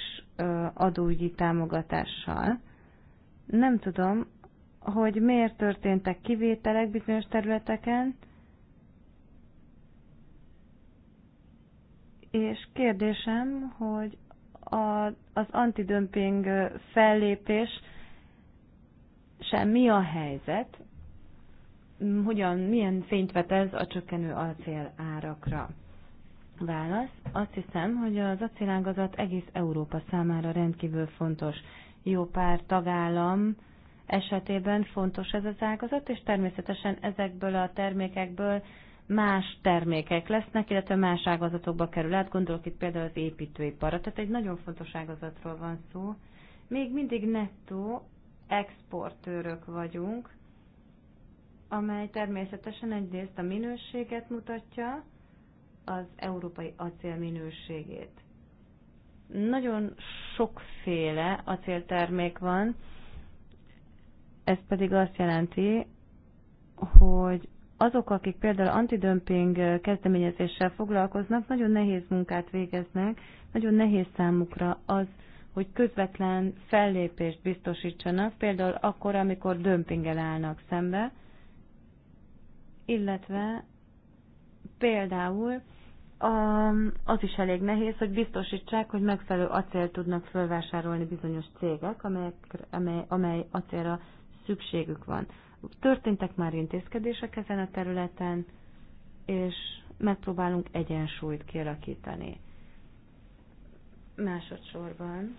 adóügyi támogatással. Nem tudom, hogy miért történtek kivételek bizonyos területeken, és kérdésem, hogy a, az antidömping fellépés sem mi a helyzet, hogyan, milyen fényt vet ez a csökkenő acél árakra. Válasz. Azt hiszem, hogy az acélágazat egész Európa számára rendkívül fontos. Jó pár tagállam esetében fontos ez az ágazat, és természetesen ezekből a termékekből más termékek lesznek, illetve más ágazatokba kerül át. Gondolok itt például az építőiparra, tehát egy nagyon fontos ágazatról van szó. Még mindig nettó exportőrök vagyunk, amely természetesen egyrészt a minőséget mutatja, az európai acél minőségét. Nagyon sokféle acéltermék van, ez pedig azt jelenti, hogy azok, akik például antidömping kezdeményezéssel foglalkoznak, nagyon nehéz munkát végeznek, nagyon nehéz számukra az, hogy közvetlen fellépést biztosítsanak, például akkor, amikor dömpingel állnak szembe, illetve például az is elég nehéz, hogy biztosítsák, hogy megfelelő acél tudnak fölvásárolni bizonyos cégek, amelyek, amely, amely acélra szükségük van. Történtek már intézkedések ezen a területen, és megpróbálunk egyensúlyt kialakítani. Másodszorban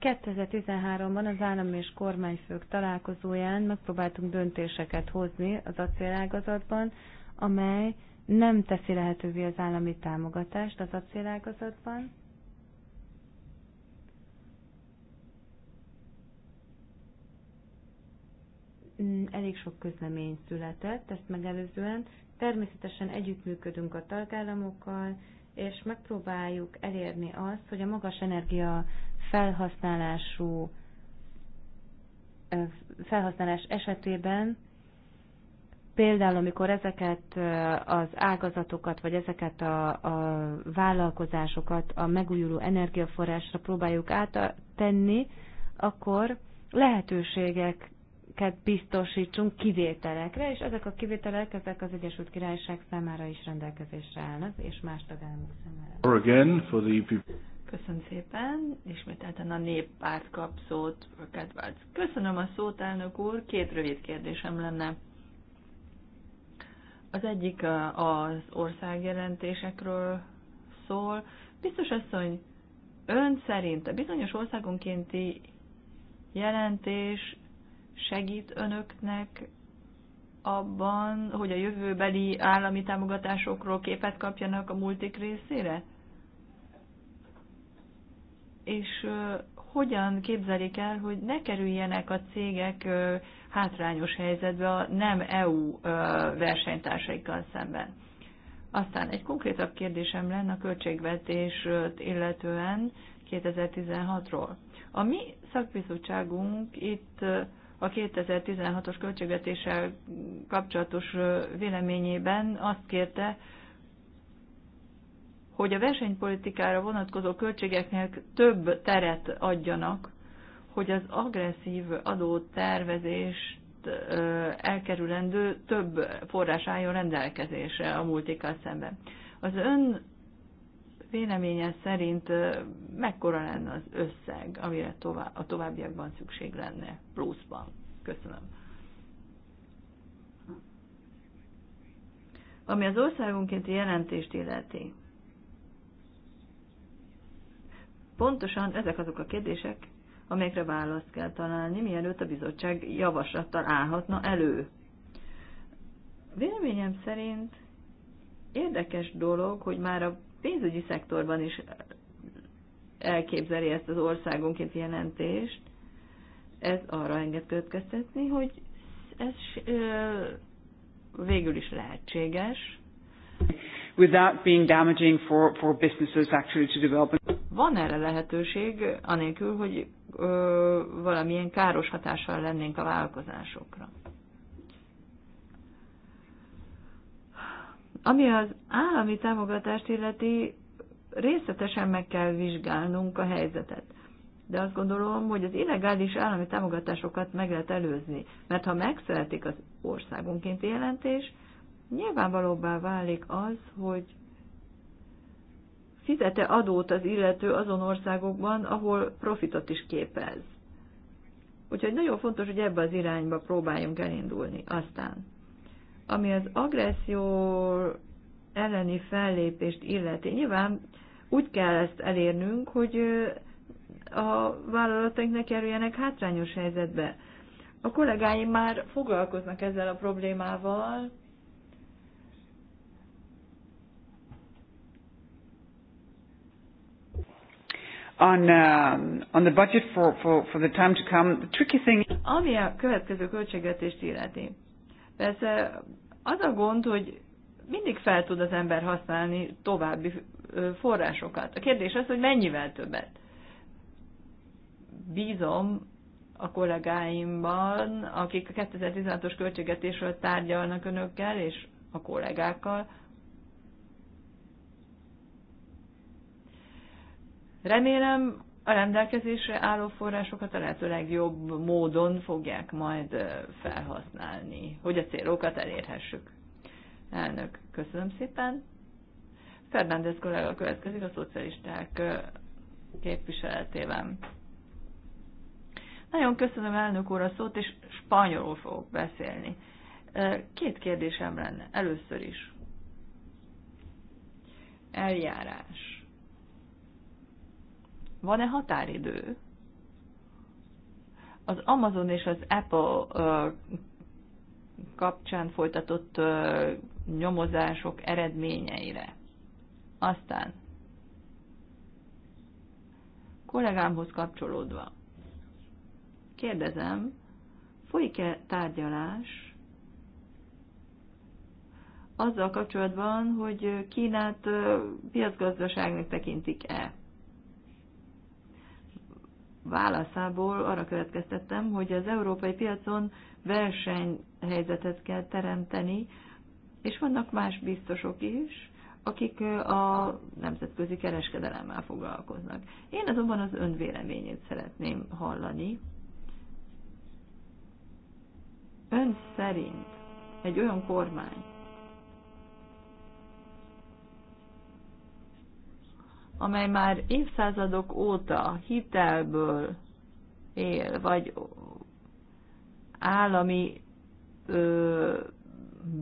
2013-ban az állam és kormányfők találkozóján megpróbáltunk döntéseket hozni az acélágazatban, amely nem teszi lehetővé az állami támogatást az acélágazatban, mm, elég sok közlemény született, ezt megelőzően. Természetesen együttműködünk a tagállamokkal, és megpróbáljuk elérni azt, hogy a magas energia felhasználású felhasználás esetében Például, amikor ezeket az ágazatokat, vagy ezeket a, a vállalkozásokat a megújuló energiaforrásra próbáljuk áttenni, akkor lehetőségeket biztosítsunk kivételekre, és ezek a kivételek ezek az Egyesült Királyság számára is rendelkezésre állnak, és más tagállamok számára. Again for the Köszönöm szépen, ismételten a néppárt kap szót, kedvelc. Köszönöm a szót, elnök úr, két rövid kérdésem lenne. Az egyik az országjelentésekről szól. Biztos asszony, ön szerint a bizonyos országonkénti jelentés segít önöknek abban, hogy a jövőbeli állami támogatásokról képet kapjanak a multik részére? És hogyan képzelik el, hogy ne kerüljenek a cégek hátrányos helyzetbe a nem EU versenytársaikkal szemben. Aztán egy konkrétabb kérdésem lenne a költségvetés illetően 2016-ról. A mi szakbizottságunk itt a 2016-os költségvetéssel kapcsolatos véleményében azt kérte, hogy a versenypolitikára vonatkozó költségeknek több teret adjanak, hogy az agresszív adótervezést elkerülendő több forrás álljon rendelkezésre a multikkal szemben. Az ön véleménye szerint mekkora lenne az összeg, amire tovább, a továbbiakban szükség lenne pluszban? Köszönöm. Ami az országunkénti jelentést illeti, Pontosan ezek azok a kérdések, amelyekre választ kell találni, mielőtt a bizottság javaslattal állhatna elő. Véleményem szerint érdekes dolog, hogy már a pénzügyi szektorban is elképzeli ezt az országonként jelentést. Ez arra enged következtetni, hogy ez végül is lehetséges without being damaging for, for businesses actually to develop. Van erre lehetőség, anélkül, hogy ö, valamilyen káros hatással lennénk a vállalkozásokra. Ami az állami támogatást illeti, részletesen meg kell vizsgálnunk a helyzetet. De azt gondolom, hogy az illegális állami támogatásokat meg lehet előzni, mert ha megszületik az országonkénti jelentés, nyilvánvalóbbá válik az, hogy fizete adót az illető azon országokban, ahol profitot is képez. Úgyhogy nagyon fontos, hogy ebbe az irányba próbáljunk elindulni. Aztán, ami az agresszió elleni fellépést illeti, nyilván úgy kell ezt elérnünk, hogy a vállalataink ne kerüljenek hátrányos helyzetbe. A kollégáim már foglalkoznak ezzel a problémával, on um, on the budget for, for, for the time to come. The tricky thing. Ami a következő költségvetést illeti. Persze az a gond, hogy mindig fel tud az ember használni további forrásokat. A kérdés az, hogy mennyivel többet. Bízom a kollégáimban, akik a 2016-os költségvetésről tárgyalnak önökkel és a kollégákkal, Remélem a rendelkezésre álló forrásokat a lehető legjobb módon fogják majd felhasználni, hogy a célokat elérhessük. Elnök, köszönöm szépen. Fernández kollega következik a szocialisták képviseletében. Nagyon köszönöm elnök úr a szót, és spanyolul fogok beszélni. Két kérdésem lenne. Először is. Eljárás van-e határidő? Az Amazon és az Apple kapcsán folytatott nyomozások eredményeire. Aztán kollégámhoz kapcsolódva kérdezem, folyik-e tárgyalás azzal kapcsolatban, hogy Kínát piacgazdaságnak tekintik-e? válaszából arra következtettem, hogy az európai piacon versenyhelyzetet kell teremteni, és vannak más biztosok is, akik eh, a nemzetközi kereskedelemmel foglalkoznak. Én azonban az ön véleményét szeretném hallani. Ön szerint egy olyan kormány, amely már évszázadok óta hitelből él, vagy állami ö,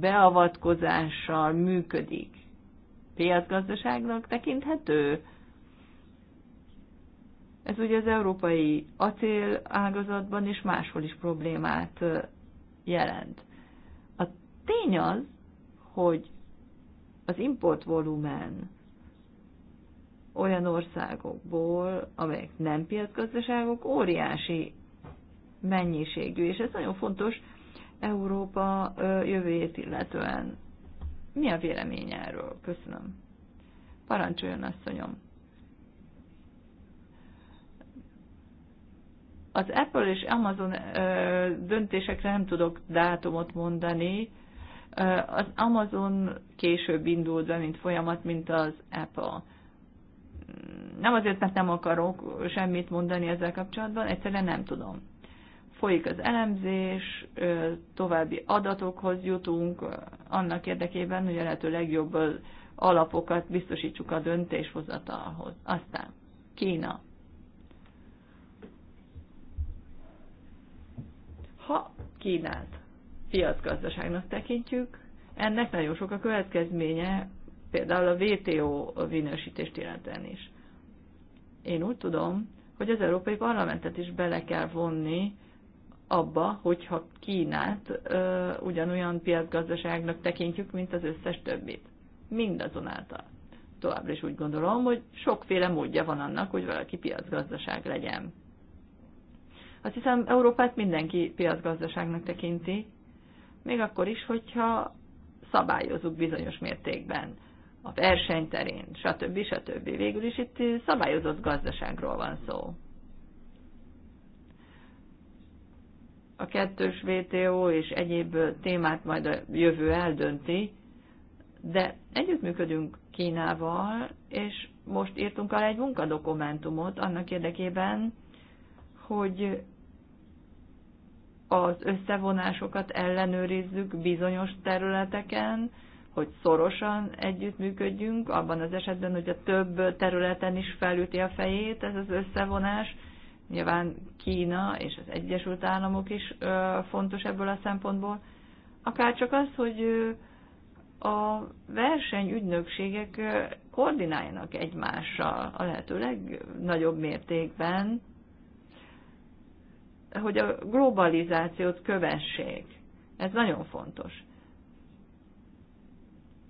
beavatkozással működik, piacgazdaságnak tekinthető? Ez ugye az európai acél ágazatban és máshol is problémát jelent. A tény az, hogy az importvolumen olyan országokból, amelyek nem piacgazdaságok, óriási mennyiségű, és ez nagyon fontos Európa jövőjét illetően. Mi a vélemény erről? Köszönöm. Parancsoljon, asszonyom. Az Apple és Amazon döntésekre nem tudok dátumot mondani. Az Amazon később indult be, mint folyamat, mint az Apple nem azért, mert nem akarok semmit mondani ezzel kapcsolatban, egyszerűen nem tudom. Folyik az elemzés, további adatokhoz jutunk, annak érdekében, hogy a lehető legjobb alapokat biztosítsuk a döntéshozatalhoz. Aztán Kína. Ha Kínát piacgazdaságnak tekintjük, ennek nagyon sok a következménye például a WTO minősítést illetően is. Én úgy tudom, hogy az Európai Parlamentet is bele kell vonni abba, hogyha Kínát ö, ugyanolyan piacgazdaságnak tekintjük, mint az összes többit. Mindazonáltal. Továbbra is úgy gondolom, hogy sokféle módja van annak, hogy valaki piacgazdaság legyen. Azt hiszem, Európát mindenki piacgazdaságnak tekinti, még akkor is, hogyha szabályozunk bizonyos mértékben a versenyterén, stb. stb. Végül is itt szabályozott gazdaságról van szó. A kettős VTO és egyéb témát majd a jövő eldönti, de együttműködünk Kínával, és most írtunk alá egy munkadokumentumot annak érdekében, hogy az összevonásokat ellenőrizzük bizonyos területeken, hogy szorosan együttműködjünk, abban az esetben, hogy a több területen is felüti a fejét ez az összevonás. Nyilván Kína és az Egyesült Államok is fontos ebből a szempontból. Akár csak az, hogy a versenyügynökségek koordináljanak egymással a lehető legnagyobb mértékben, hogy a globalizációt kövessék. Ez nagyon fontos.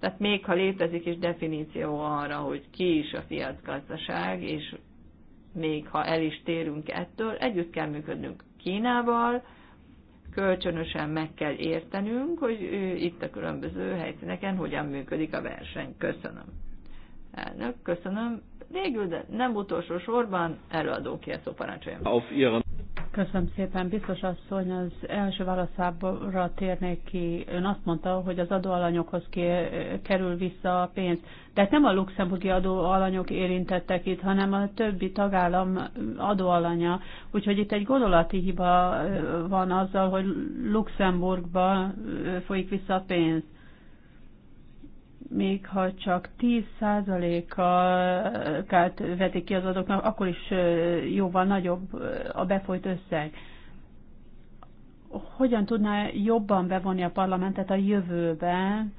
Tehát még ha létezik is definíció arra, hogy ki is a gazdaság, és még ha el is térünk ettől, együtt kell működnünk Kínával, kölcsönösen meg kell értenünk, hogy itt a különböző helyszíneken hogyan működik a verseny. Köszönöm. Elnök, köszönöm. Végül, de nem utolsó sorban, előadó ki a szó parancsoljon. Köszönöm szépen. Biztos asszony, az első válaszára térnék ki. Ön azt mondta, hogy az adóalanyokhoz kerül vissza a pénz. Tehát nem a luxemburgi adóalanyok érintettek itt, hanem a többi tagállam adóalanya. Úgyhogy itt egy gondolati hiba van azzal, hogy Luxemburgba folyik vissza a pénz még ha csak 10%-át vetik ki az adóknak, akkor is jóval nagyobb a befolyt összeg. Hogyan tudná jobban bevonni a parlamentet a jövőben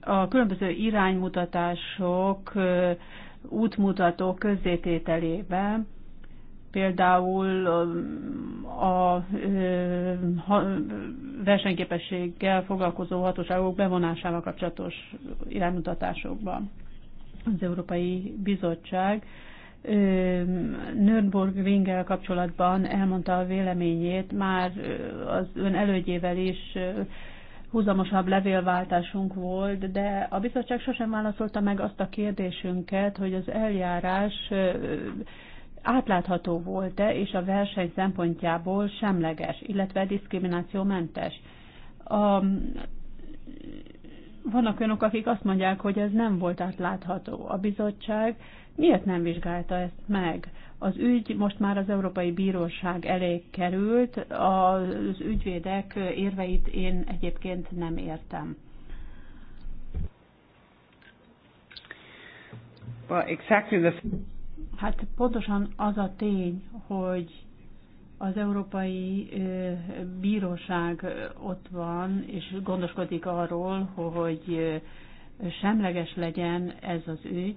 a különböző iránymutatások, útmutatók közzétételében, például a versenyképességgel foglalkozó hatóságok bevonásával kapcsolatos iránymutatásokban. Az Európai Bizottság Nürnberg ringgel kapcsolatban elmondta a véleményét, már az ön elődjével is húzamosabb levélváltásunk volt, de a bizottság sosem válaszolta meg azt a kérdésünket, hogy az eljárás átlátható volt-e, és a verseny szempontjából semleges, illetve diszkriminációmentes. A, vannak önök, akik azt mondják, hogy ez nem volt átlátható. A bizottság miért nem vizsgálta ezt meg? Az ügy most már az Európai Bíróság elé került, az ügyvédek érveit én egyébként nem értem. Well, exactly the Hát pontosan az a tény, hogy az Európai Bíróság ott van, és gondoskodik arról, hogy semleges legyen ez az ügy,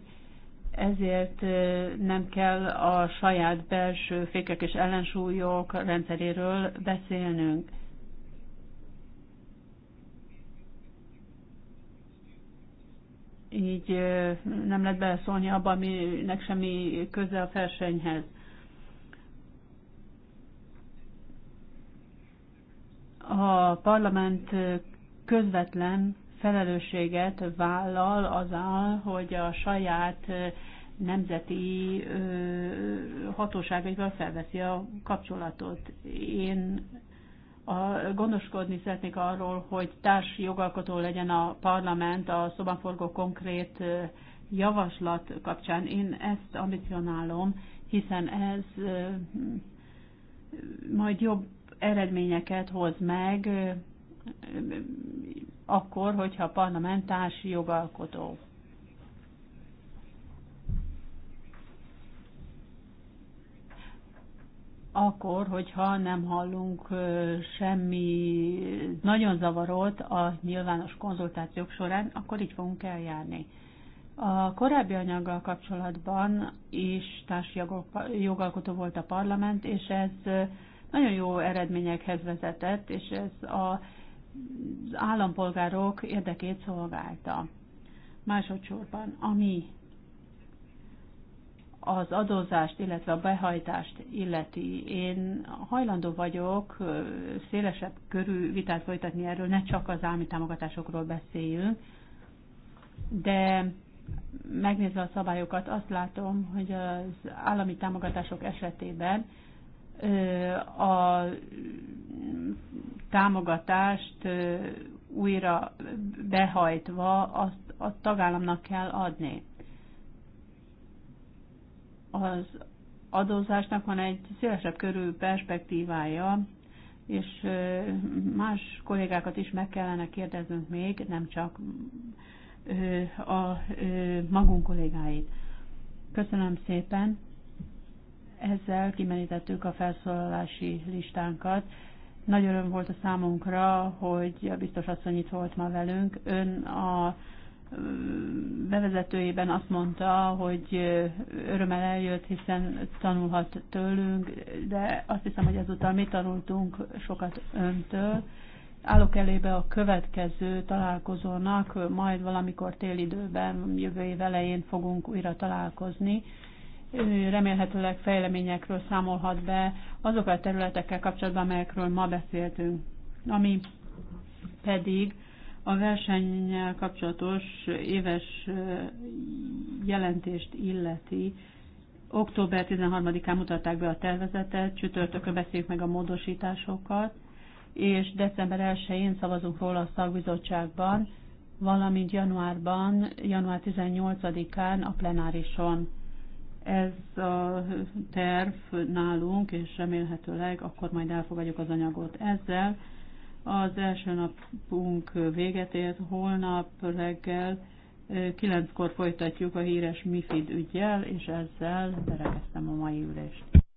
ezért nem kell a saját belső fékek és ellensúlyok rendszeréről beszélnünk. így nem lehet beleszólni abba, aminek semmi köze a versenyhez. A parlament közvetlen felelősséget vállal azáltal, hogy a saját nemzeti hatóságaival felveszi a kapcsolatot. Én a, gondoskodni szeretnék arról, hogy társ jogalkotó legyen a parlament a szobaforgó konkrét javaslat kapcsán. Én ezt ambicionálom, hiszen ez majd jobb eredményeket hoz meg akkor, hogyha a parlament társ jogalkotó. akkor, hogyha nem hallunk semmi nagyon zavarót a nyilvános konzultációk során, akkor így fogunk eljárni. A korábbi anyaggal kapcsolatban is jogalkotó volt a parlament, és ez nagyon jó eredményekhez vezetett, és ez a az állampolgárok érdekét szolgálta. Másodszorban, ami az adózást, illetve a behajtást illeti. Én hajlandó vagyok szélesebb körű vitát folytatni erről, ne csak az állami támogatásokról beszéljünk, de megnézve a szabályokat azt látom, hogy az állami támogatások esetében a támogatást újra behajtva azt a tagállamnak kell adni az adózásnak van egy szélesebb körű perspektívája, és más kollégákat is meg kellene kérdeznünk még, nem csak a magunk kollégáit. Köszönöm szépen. Ezzel kimenítettük a felszólalási listánkat. Nagy öröm volt a számunkra, hogy a biztos asszony itt volt ma velünk. Ön a bevezetőjében azt mondta, hogy örömmel eljött, hiszen tanulhat tőlünk, de azt hiszem, hogy ezúttal mi tanultunk sokat öntől. Állok elébe a következő találkozónak, majd valamikor télidőben, jövő év elején fogunk újra találkozni. Remélhetőleg fejleményekről számolhat be azokkal a területekkel kapcsolatban, amelyekről ma beszéltünk. Ami pedig a versennyel kapcsolatos éves jelentést illeti. Október 13-án mutatták be a tervezetet, csütörtökön beszéljük meg a módosításokat, és december 1-én szavazunk róla a szakbizottságban, valamint januárban, január 18-án a plenárison. Ez a terv nálunk, és remélhetőleg akkor majd elfogadjuk az anyagot. Ezzel az első napunk véget ért, holnap reggel kilenckor folytatjuk a híres MIFID ügyjel, és ezzel berekeztem a mai ülést.